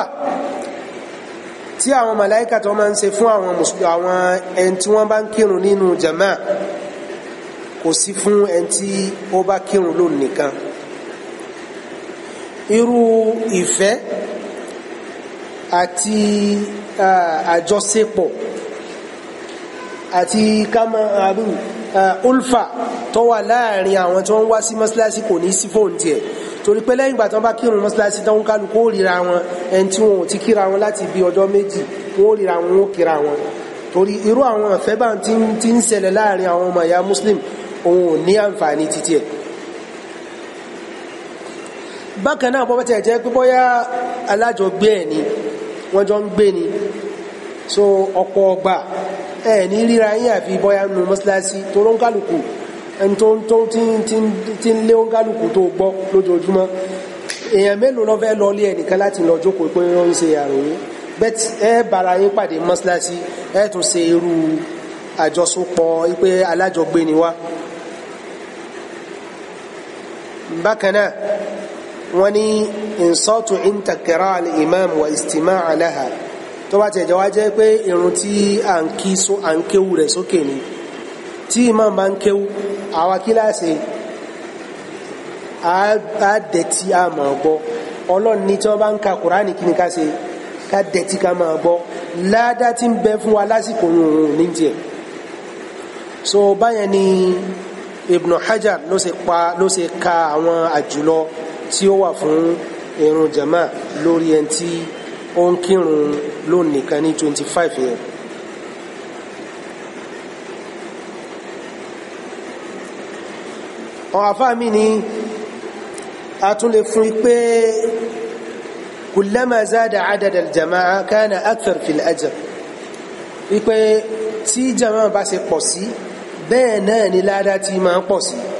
tí àwọn màláíkà tó máa ń ṣe fún àwọn ẹni tí wọ́n bá ń kírun nínú jama kò sí fún ẹni tí ó bá kírun lóhun nìkan irú ìfẹ́ àti àjọṣepọ̀ àti kama àrùn ulfa tó wà láàrin àwọn tí wọ́n wá sí mọ́sálásí kò ní sí fóònù tiẹ̀ torí pé lẹ́yìn ìgbà tí wọ́n bá kírun mọ́sálásí tán kálukú ó ríra wọn ẹni tí wọn ò ti kíra wọn láti bí ọjọ́ méjì wọn ó ríra wọn ó kíra wọn torí irú àwọn ọ̀fẹ́ bá ti ń ṣẹlẹ̀ láàrin àwọn ọmọ ìyá muslim òun ò ní àǹfààní títí ẹ̀ bákan náà bọ́bá tẹ̀ jẹ́ pé bóyá alájọgbé ẹ̀ ni wọ́n jọ ń gbé ni so ọ̀pọ̀ ọgbà ẹ̀ ní ríra yín àfi bọ́yá nù mọ́sálásí tó ló ń kálukú ẹni tó ń tó lé ń tó gbọ́ lójoojúmọ́ èèyàn mélòó ló fẹ́ láti lọ jókòó pé wọ́n ń àròyé ẹ yín pàdé ẹ tún ṣe wọ́n ní ìsọ́tù ìntàkẹ́rà al-imam wa istima' alaha tó bá tẹ̀jọ́ wá jẹ́ pé irun tí à ń kéwú rẹ̀ sókè ni tí imam bá ń kéwú àwa kíláàsì á dẹ̀tí a máa gbọ́ ọlọ́run ní tí wọ́n bá ń ka kùránì kí ni ká ṣe ká dẹ̀tí ká máa gbọ́ ládá tí ń bẹ fún wa lásìkò òun ní tiẹ̀ so báyẹn ni Ibn Hajar ló ṣe ka àwọn àjùlọ tí ó wà fún irun jama lórí ẹni tí ó ń kírun lónìí kan ní twenty five yẹn. àwọn afá mi ni a tún lè fún pé kullama zada adada aljama'a kana akthar fil ajr wípé tí jama'a bá ṣe pọ̀ sí bẹ́ẹ̀ náà ni ládá tí máa ń pọ̀ sí i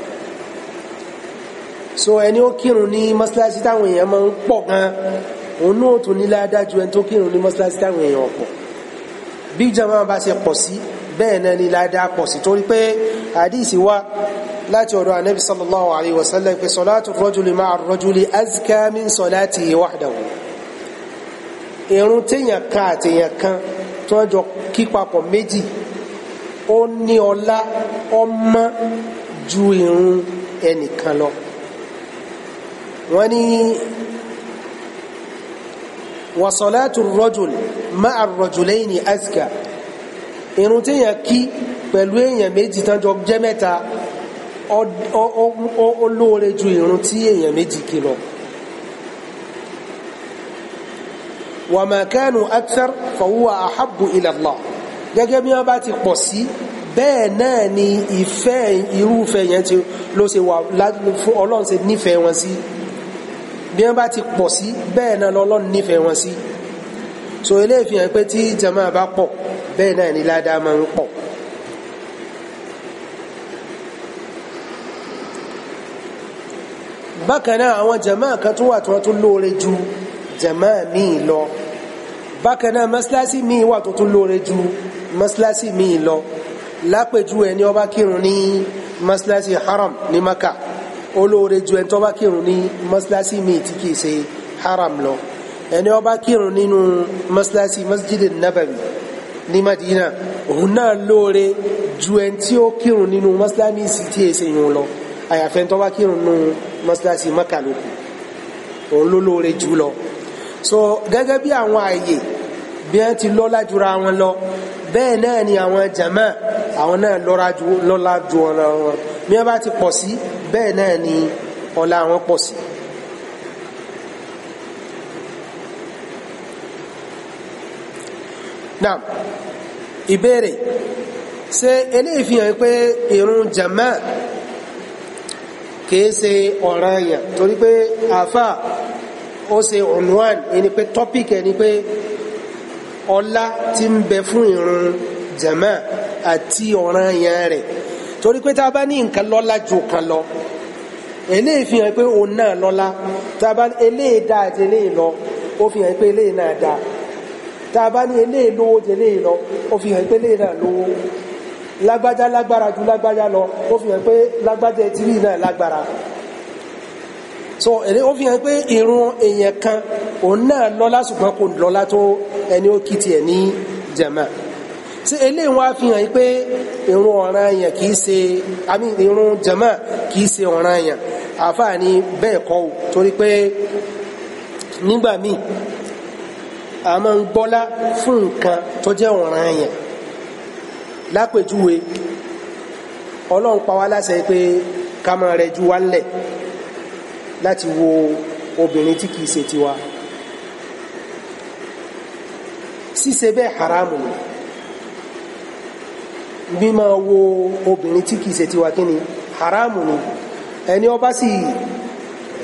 so ẹni ó kírun ní mọ́ṣáláṣí táwọn èèyàn máa ń pọ̀ gan òun náà tún ní ládájú ẹni tó kírun ní mọ́ṣáláṣí táwọn èèyàn pọ̀ bí jama bá ṣe pọ̀ sí bẹ́ẹ̀ náà ni ládá pọ̀ sí torí pé àdìsí wá láti ọ̀dọ̀ ànábì sallallahu alayhi wa sallam pé salatu rajuli ma'a rajuli azka min salatihi wahdahu irun téèyàn kan àtèèyàn kan tó jọ kí papọ̀ méjì ó ní ọlá ọmọ ju irun ẹnìkan lọ wọ́n ní wàsọ̀látù rọ́jùl máa rọ̀jùlẹ́ ní azka irun tí èyàn kí pẹ̀lú èyàn méjì tán jọ jẹ́ mẹ́ta ó lóore ju irun tí èyàn méjì kí lọ wà máa kánù akthar fàwúwà àhábù ila Allah gẹ́gẹ́ bí wọ́n bá ti pọ̀ sí bẹ́ẹ̀ náà ni ìfẹ́ irúfẹ́ yẹn ti ló ṣe wà ọlọ́run ṣe nífẹ̀ẹ́ wọn sí si bí wọ́n bá ti pọ̀ sí bẹ́ẹ̀ náà lọ́lọ́run nífẹ̀ẹ́ wọn sí so eléyìí fi hàn pé tí jama bá pọ̀ bẹ́ẹ̀ náà ni ládàá máa ń pọ̀. bákan náà àwọn jama kan tún wà tí wọ́n tún lóore ju jama míì lọ bákan náà mọ́sálásí míì wà tó tún lóore ju mọ́sálásí míì lọ lápèjú ẹni ó bá kírun ní mọ́sálásí haram ní maka olóore ju ẹni tó bá kírun ní mọ́sálásí míì tí kìí ṣe haram lọ ẹni ó kírun nínú mọ́sálásí masjidin nabawi ní madina òun náà lóore ju ẹni tí ó kírun nínú mọ́sálásí tí kìí ṣe yun lọ àyàfẹ́ tó bá kírun nínú mọ́sálásí maka òun ló lóore jù lọ so gẹ́gẹ́ bí àwọn àyè bí wọ́n ti lọ́lá jura wọn lọ bẹ́ẹ̀ náà ni àwọn jama àwọn náà lọ́lá ju wọn lọ bí wọ́n bá ti pọ̀ sí bẹ́ẹ̀ náà ni ọlá wọn pọ̀ sí. naam ìbéèrè ṣé eléyìí fi hàn pé ìrun jama kìí ṣe ọ̀ranyàn torí pé àáfà ó ṣe ọ̀nùwàn ẹni pé tọ́pìkì ẹni pé ọlá ti ń bẹ fún ìrun jama àti ọ̀ranyàn rẹ̀ torí pé tá a bá ní nǹkan lọ́lá ju kan lọ eléyìí fi hàn pé òun náà lọ́lá tá a bá ní eléyìí dáa àti eléyìí lọ ó fi hàn pé eléyìí náà dáa tá a bá ní eléyìí lówó ju eléyìí lọ ó fi hàn pé eléyìí náà lówó lágbájá lágbára ju lágbájá lọ ó fi hàn pé lágbájá etiri náà lágbára so èdè ó fi hàn pé irun èèyàn kan òun náà lọ́lá ṣùgbọ́n kò lọ́lá tó ẹni ó kìtì ẹ̀ ní jẹ̀mọ́ ṣe eléyìí wá fi hàn yí pé irun ọ̀ranyàn kìí ṣe àmì irun jama kìí ṣe ọ̀ranyàn àfààní bẹ́ẹ̀ kọ́ o torí pé nígbà míì a máa ń gbọ́lá fún nǹkan tó jẹ́ ọ̀ranyàn lápèjúwe ọlọ́run pa wá láṣẹ pé ká máa rẹjú wá ńlẹ̀ láti wo obìnrin tí kìí ṣe tiwa ṣíṣe bẹ́ẹ̀ haramu ni bí máa wo obìnrin tí kìí ṣe tiwa kíni haramu ni ẹni ọba sì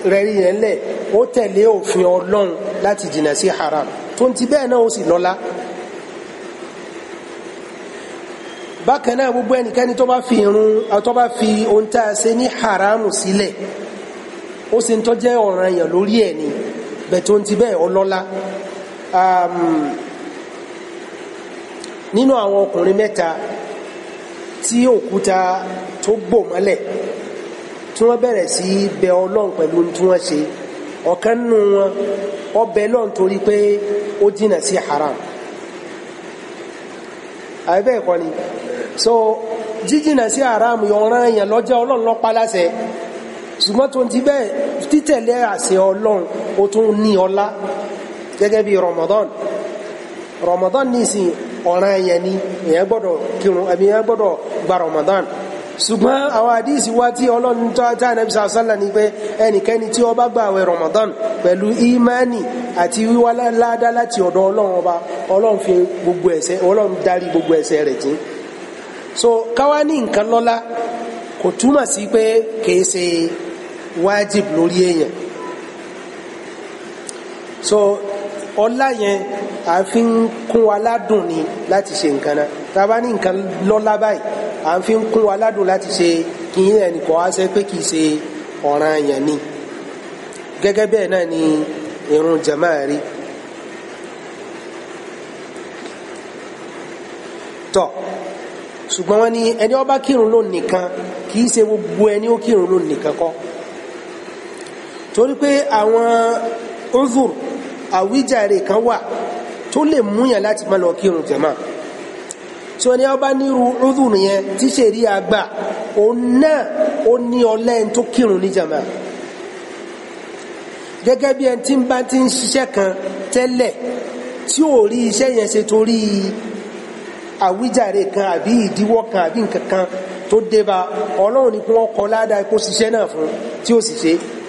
rẹ̀rí yẹn lẹ̀ ó tẹ̀lé òfin ọlọ́run láti jìnà sí haram tó ti bẹ́ẹ̀ náà ó sì lọ́lá bákan náà gbogbo ẹnikẹ́ni tó bá fi irun tó bá fi ohun tá a ṣe ní haramu sílẹ̀ ó sì ń tọ́jẹ́ ọ̀ràn èèyàn lórí ẹ̀ ni bẹ́ẹ̀ tó ti bẹ́ẹ̀ ọlọ́lá nínú àwọn ọkùnrin mẹ́ta tí òkúta tó gbò mọ́lẹ̀ tí wọ́n bẹ̀rẹ̀ sí bẹ ọlọ́run pẹ̀lú tí wọ́n ṣe ọ̀kan nínú wọn ọbẹ̀ lọ́n torí pé ó jìnà sí haram àbẹ́bẹ́ ẹ̀kọ́ ni so jíjìnà sí haram yọ̀ràn èèyàn lọ́jọ́ ọlọ́run lọ́pá láṣẹ ṣùgbọ́n tó ti bẹ́ẹ̀ títẹ̀lé àṣẹ ọlọ́run ó tún ní ọlá gẹ́gẹ́ bí Ramadan Ramadan ní ìsìn ọ̀ràn yẹn ni èèyàn gbọ́dọ̀ kírun gbọ́dọ̀ gba Ramadan ṣùgbọ́n àwọn àdíìsì wá tí ọlọ́run tó ajá ẹnẹ́bí ni pé ẹnikẹ́ni tí gba àwẹ̀ Ramadan pẹ̀lú imani àti wíwá ládá láti ọ̀dọ̀ ọlọ́run ọba ọlọ́run fi gbogbo ẹ̀ṣẹ̀ ọlọ́run darí gbogbo rẹ̀ so káwá ní nǹkan lọ́lá kò túmọ̀ sí pé kìí ṣe wájib lórí èèyàn so ọlá yẹn a fi ń kún wa ládùn ni láti ṣe nǹkan náà tá a bá ní nǹkan lọ́lá báyìí à ń fi ń kún wa ládùn láti ṣe kì í ẹnìkan wá sẹ́ pé kì í ṣe ọ̀ràn àyàn ni gẹ́gẹ́ bẹ́ẹ̀ náà ni irun jamaa rí tọ́ ṣùgbọ́n wọn ni ẹni ó kírun ló nìkan kì í ṣe gbogbo ẹni ó kírun ló nìkan kọ́ torí pé àwọn uzur àwíjàre kan wà tó lè múyàn láti má lọ kírun jàmá tí wọ́n ní ọba nírú rúdù nìyẹn tí ṣèrí àgbà òun náà ó ní ọlẹ́yìn tó kírun ní jàmá gẹ́gẹ́ bí ẹni tí ń bá ti ń ṣiṣẹ́ kan tẹ́lẹ̀ tí ò rí iṣẹ́ yẹn ṣe torí àwíjàre kan àbí ìdíwọ́ kan àbí nǹkan kan tó dé bá ọlọ́run ni kí wọ́n kọ ládàá kó ṣiṣẹ́ náà fún tí ó sì ṣe é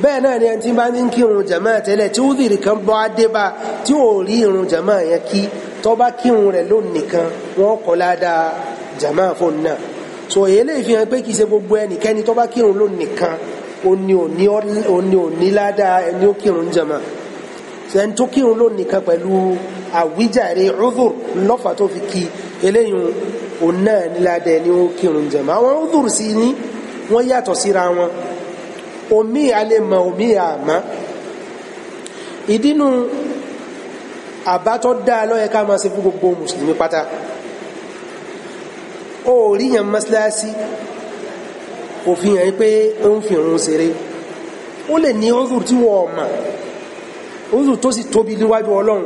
bẹ́ẹ̀ náà ni ẹni tí bá ń kí irun jàmáà tẹ́lẹ̀ tí wúdìrì kan bọ́ adébá tí ò rí irun jàmáà yẹn kí tó bá kírun rẹ̀ lónìí kan wọ́n kọ́ ládàá jàmáà fóun náà so èlé ìfihàn pé kìí ṣe gbogbo ẹnikẹ́ni tó bá kírun lónìí kan òní òní òní ládàá ẹni ó kírun jàmáà ẹni tó kírun lónìí kan pẹ̀lú àwíjàre udhur lọ́fà tó fi kí eléyìí òun náà ládàá ẹni ó kírun jàmáà àwọn udhur sí ni wọ́n yàtọ̀ síra wọn omi alẹ́ mọ omi àmọ́ ìdínú àbátọ́ dá lọ́yẹ ká máa ṣe fún gbogbo mùsùlùmí pátá ó rí yàn mọ́síláṣí kò fi hàn pé ó ń fi òun ṣeré ó lè ní ọ́sùn tí wọ́n mọ̀ ọ́sùn tó sì tóbi níwájú ọlọ́run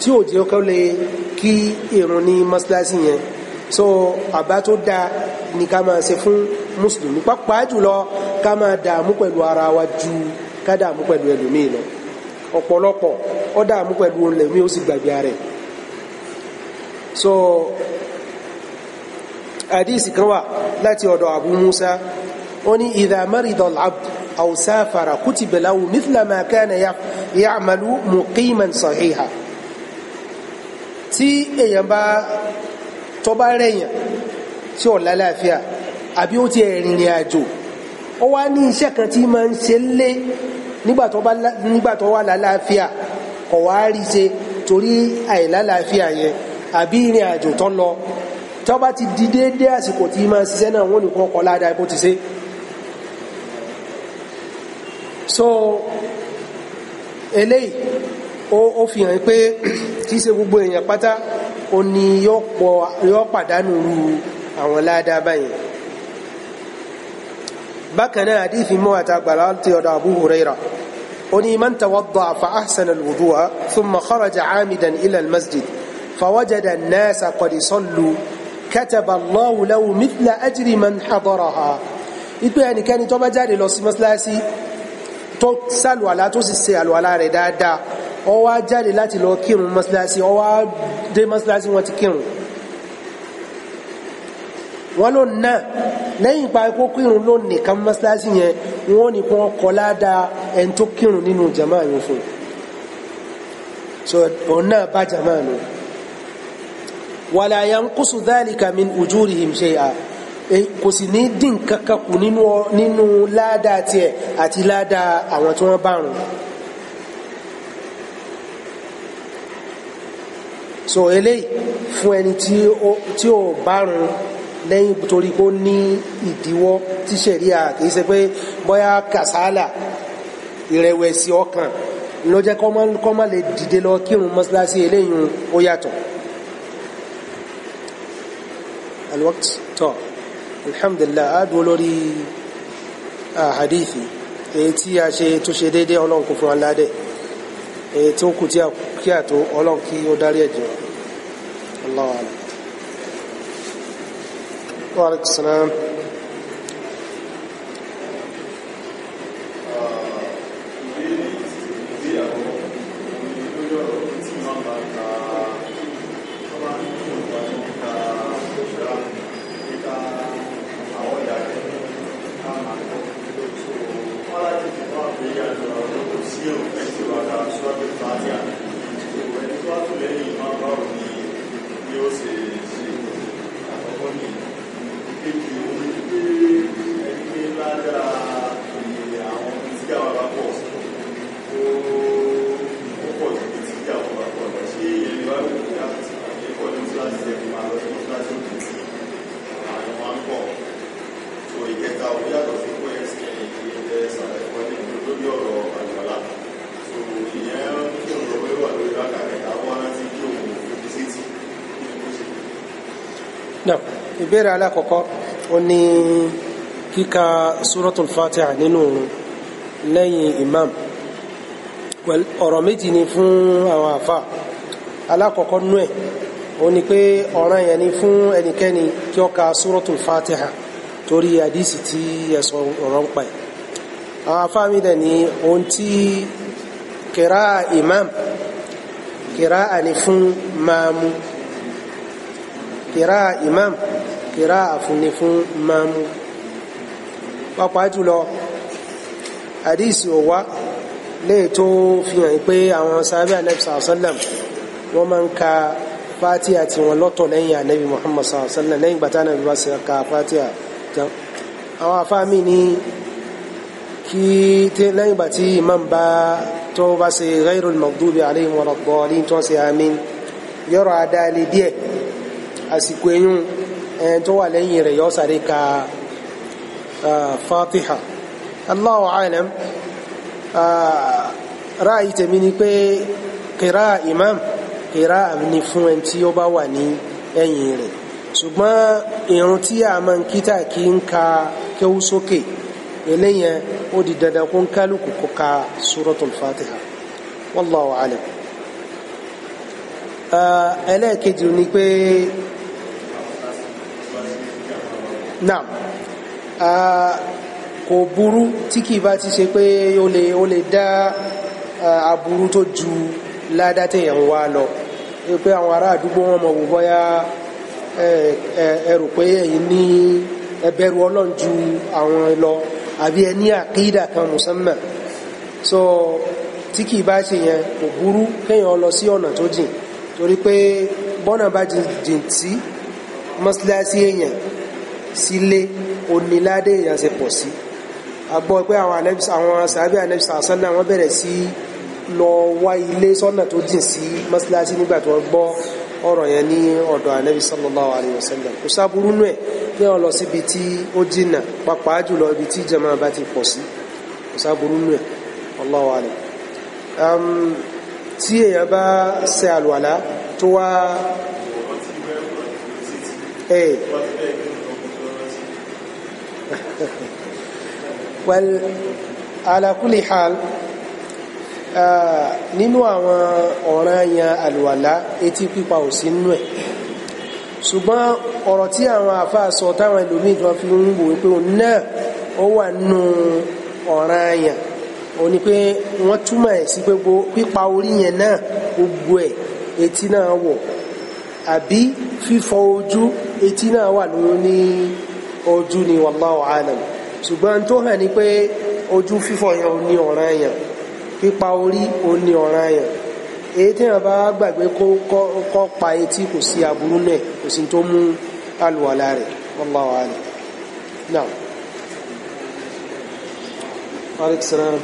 tí ò jẹ́ kó lè kí ìrun ní mọ́síláṣí yẹn so àbá tó dáa ni ká máa ṣe fún mùsùlùmí pàápàá jùlọ ká máa dààmú pẹ̀lú ara wa ju ká dààmú pẹ̀lú ẹlòmíì lọ ọ̀pọ̀lọpọ̀ ó dààmú pẹ̀lú ẹlòmíì ó sì gbàgbé rẹ̀ so àdísì kan wà láti ọ̀dọ̀ Abu Musa ó ní idha marida al-abd aw safara kutiba lahu mithla ma kana ya'malu muqiman sahiha tí èèyàn bá tó bá rẹ̀yàn tí ó lálàáfíà àbí ó ti ẹ̀rìnrìn àjò ó wá ní iṣẹ́ kan tí máa ń ṣe lé nígbà tó wà lálàáfíà kò wá rí ṣe torí àìlálàáfíà yẹn àbí ìrìn àjò tó lọ tó bá ti di déédé àsìkò tí máa ṣiṣẹ́ náà wọ́n nìkan kọ́ ládàá bó ti ṣe so eléyìí ó fi hàn pé kì í ṣe gbogbo èèyàn pátá ó ní yóò pàdánù àwọn ládàá báyìí bákan náà àdífi mọ́ àtàgbàlá ti ọ̀dọ̀ Abu Huraira ó ní man tawadda'a fa ahsana al-wudu'a thumma kharaja 'amidan masjid فوجد الناس قد صلوا كتب الله له مثل أجر من حضرها ipe ẹnikẹ́ni tó bá jáde lọ sí mọ́síláṣí tó sàlùwàlá tó sì ṣe àlùwàlá rẹ̀ dáadáa ó wá jáde láti lọ kírun mọ́síláṣí ó dé mọ́síláṣí wọ́n ti kírun wọ́n ló ná lẹ́yìn ìpa ikú kírun ló nìkan mọ́sálásí yẹn wọ́n ní kí wọ́n ládàá ẹni tó kírun nínú jama yẹn fún so òun náà bá jama nù wàlà yanqusu dhalika min ujurihim shay'a e, kò sì ní dín kankan kù nínú ládàá tiẹ̀ àti ládàá àwọn tí wọ́n bá rùn. so eléyìí fún ẹni tí ó bá rùn lẹ́yìn torí kó ní ìdíwọ́ tí sẹ̀ríà kìí ṣe pé bóyá kàsálà ìrẹ̀wẹ̀sì ọkàn ló jẹ́ kọ́ má lè dìde lọ kírun mọ́sálásí eléyìí ó yàtọ̀ alwakt alhamdulillah adùn lórí hadithi èyí tí a ṣe tó ṣe déédéé ọlọ́run kò fún aládẹ́ èyí tó kù tí a kí àtó ọlọ́run kí ó dárí ẹ̀jẹ̀ Allahu وعليكم السلام náà ìbéèrè alákọ̀ọ́kọ́ ó ní kíka fatiha nínú imam ọ̀rọ̀ méjì ni fún àwọn àfa alákọ̀ọ́kọ́ nú ẹ̀ ó ní pé yẹn ni fún ẹnikẹ́ni kí ó ka fatiha torí àdísì tí ẹ̀sọ̀ ọ̀rọ̀ ń pa ẹ̀ àwọn mi ohun tí kẹ̀rá imam kẹ̀rá àní fún máa mú. kìrá imam kìrá àfúnni fún mamu pàápàá jùlọ àdísì òwá léè tó fi hàn pé àwọn sábẹ́ anabi sàlám wọ́n máa ń ka fatiha tí wọ́n lọ́tọ̀ lẹ́yìn anabi muhammad sàlám lẹ́yìn gbàtà anabi bá ka fatiha tán àwọn afáàmì ní kí lẹ́yìn ìgbà tí imam bá tó bá ṣe ghairul maghdubi alayhim wa radhdallin tó ṣe àmín yọ̀rọ̀ adáàlì díẹ̀ àsìkò eyín ẹni tó wà lẹ́yìn rẹ̀ yọ sáré ka fatiha Allahu alam ráàyí tèmi ni pé kìrá imam kìrá ni fún ẹni tí ó bá wà ní ẹ̀yìn rẹ̀ ṣùgbọ́n ìrun tí a máa ń kíta kí ń ka kéwú sókè eléyẹn ó di dandan kó ń kálukú kó ka suratul fatiha wallahu alam ẹlẹ́ẹ̀kejì ni pé naam kò burú tí kìí bá ti ṣe pé ó lè ó lè dá aburú tó ju ládá téèyàn ń wá lọ pé àwọn ará àdúgbò wọn mọ̀ wò bọ́yá ẹrù pé ẹ̀yin ní ẹbẹ̀rù ọlọ́run ju àwọn lọ àbí ẹ àkídà kan musamman so tí kìí bá ṣe yẹn kò burú kéèyàn lọ sí ọ̀nà tó jìn torí pé bọ́nà bá jìn sí mọ́síláṣí èèyàn sílé oníládé èèyàn ṣe pọ̀ sí a gbọ́ pé àwọn sàábì ànábì sàásánná wọ́n bẹ̀rẹ̀ sí lọ wá ilé sọ́nà tó jìn sí mọ́síláṣí nígbà tó gbọ́ ọ̀rọ̀ yẹn ní ọ̀dọ̀ ànábì sallallahu alayhi wa sallam kò sáburú nù ẹ̀ pé wọ́n lọ síbi tí ó jìnà pàápàá jùlọ ibi tí jama bá ti pọ̀ sí kò sáburú nù ẹ̀ Allahu alim tí èèyàn bá ṣe àlùwàlá tó wá well ala kulli hal nínú àwọn ọ̀ràn yan àlùwàlá etí pípa ò sí nínú ẹ̀ ṣùgbọ́n ọ̀rọ̀ tí àwọn àfáà sọ táwọn ẹlòmíì tí wọ́n fi ń wò pé òun náà ó wà nínú ọ̀ràn yan ó ní pé wọ́n túmọ̀ ẹ̀ sí gbogbo pípa orí yẹn náà gbogbo ẹ̀ etí náà wọ̀ àbí fífọ ojú etí náà wà lórí ní. ojú ni wallahu alam ṣùgbọ́n tó hàn ní pé ojú fífọ̀ yẹn ò ní ọ̀ràn yẹn pípa orí ò ní ọ̀ràn yẹn èyí tí wọn bá gbàgbé kọ́ pa etí kò sí aburú náà kò sí tó mú alùwàlá rẹ̀ wallahu alam náà. Alex Ram.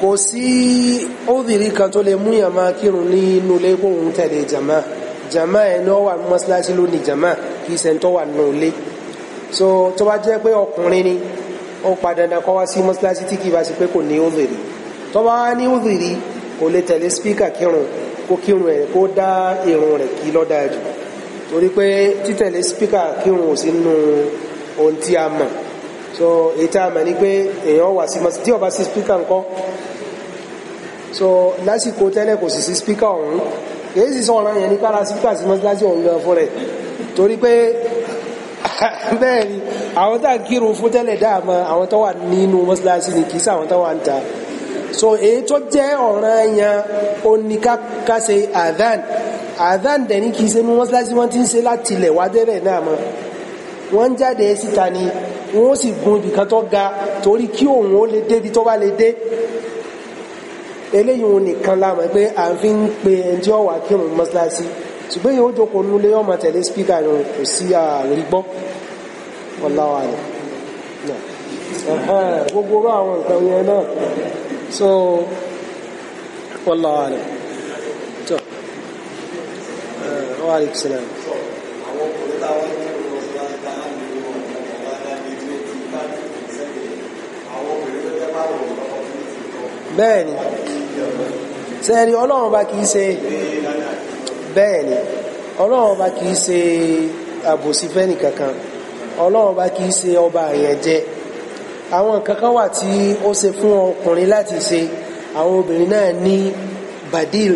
kò sí óbìnrin kan tó lè mú yàn máa ní inú ilé kó tẹ̀lé jama jama ẹ̀ ní ọwà mọ́sálásí lónìí jama kì í sẹ́ńtọ́ wà nù ilé so tó bá jẹ́ pé ọkùnrin ni ó padà dandan kọ́ wá sí mọ́sálásí tí kì í bá ṣe pé kò ní óbìnrin tó bá ní óbìnrin kò lè tẹ̀lé spíkà kírun kó kírun ẹ̀ kó dá irun rẹ̀ kí lọ́dáa jù torí pé títẹ̀lé spíkà kírun ò sí nù ohun tí a mọ̀ so èyí tá a mọ̀ ni pé èèyàn wà sí mọ́sí tí ó sí spíkà ńkọ́ so lásìkò tẹ́lẹ̀ kò sì sí spíkà ọ̀hún èyí sì sọ ọ̀ràn yẹn ní kára spíkà sí mọ́sí lásìkò ọ̀hún gan fún rẹ̀ torí pé bẹ́ẹ̀ ni àwọn tá à kírun fún tẹ́lẹ̀ dáàmú àwọn tó wà nínú mọ́sálásí ni kì í ṣàwọn tó wà ń ta so èyí tó jẹ́ ọ̀ràn yẹn ó ní ká ṣe adhan adhan dẹ̀ ní kì í ṣe ní mọ́sálásí wọ́n ti ń ṣe láti wá wọ́n sì gun ibìkan tó ga torí kí òun ó lè débi tó bá lè dé eléyìí òun nìkan la mọ̀ pé à ń fi ń pe ẹni tí ó wà kírun mọ́ṣáláṣí ṣùgbọ́n yóò jókòó nulẹ̀ yóò máa tẹ̀lé spíkà rẹ̀ kò sí àárí gbọ́ ọláwà rẹ̀ gbogbo bá àwọn nǹkan yẹn náà so ọláwà rẹ̀ tó wà lè kìsìlẹ̀ rẹ̀. bẹ́ẹ̀ ni sẹ́ẹ̀rí ọlọ́run bá kìí ṣe bẹ́ẹ̀ ni ọlọ́run bá kìí ṣe àbòsí fẹ́ni kankan ọlọ́run bá kìí ṣe ọba àyàn jẹ àwọn kankan wà tí ó ṣe fún ọkùnrin láti ṣe àwọn obìnrin náà ní badil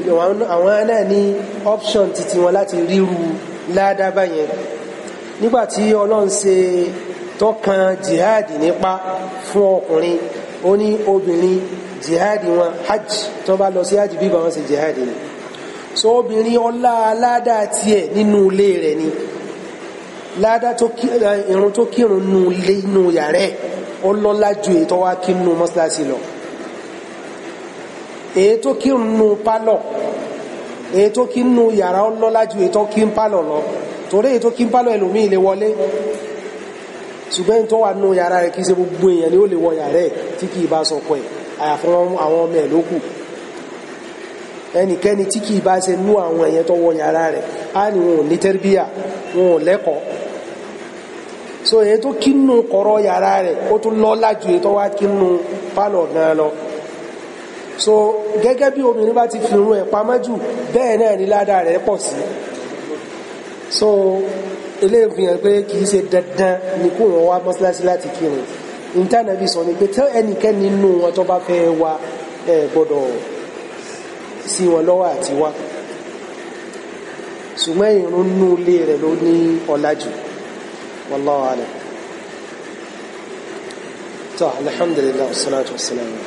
àwọn náà ní option titi wọn láti ríru ládàbà yẹn nígbàtí ọlọ́run ṣe tọ́kan jihad nípa fún ọkùnrin ó ní obìnrin jihadi wọn hajj tó bá lọ sí hajj bí bàwọn ṣe jihadi ni so obìnrin ọlá aládá tiẹ̀ nínú ilé rẹ̀ ni ládá tó irun tó kírun nù ilé inú yàrá ẹ̀ ọlọ́lá ju èyí tó wá kí nù mọ́ṣáláṣí lọ èyí tó kírun nù pálọ̀ èyí tó kí nù yàrá ọlọ́lá ju èyí tó kí ń pálọ̀ lọ torí èyí tó kí ń pálọ̀ ẹlòmíì lè wọlé ṣùgbọ́n tó nù yàrá rẹ̀ kì í ṣe gbogbo èèyàn ni ó lè wọ yàrá ẹ̀ tí kì í bá sọ pé ẹ̀ àyàfọ́ àwọn ọmọ ẹ̀ ló kù ẹnikẹ́ni tí kì í bá ṣe nú àwọn ẹ̀yẹn tó wọ yàrá rẹ̀ á ní wọn ò ní tẹ́rbíyà wọn ò lẹ́kọ̀ọ́ so èyí tó kí nù kọ̀rọ̀ yàrá rẹ̀ ó tún lọ́lá ju èyí tó wá kí pálọ̀ gan lọ so gẹ́gẹ́ bí obìnrin bá ti fi irun ẹ̀ pamọ́ jù bẹ́ẹ̀ náà ni ládàá rẹ̀ pọ̀ sí so eléyìí fi hàn pé kì í ṣe dandan ni kó wọn wá mọ́ṣáláṣí láti kírun ìtànàbí sọ ni pé tẹ́ ẹnikẹ́ni nínú wọn tó bá fẹ́ wá ẹ gbọ́dọ̀ sí wọn lọ́wọ́ àti wá ṣùgbọ́n ìrún nú ilé rẹ̀ ló ní ọlájù wallahu alam tó alhamdulillah wassalatu wassalamu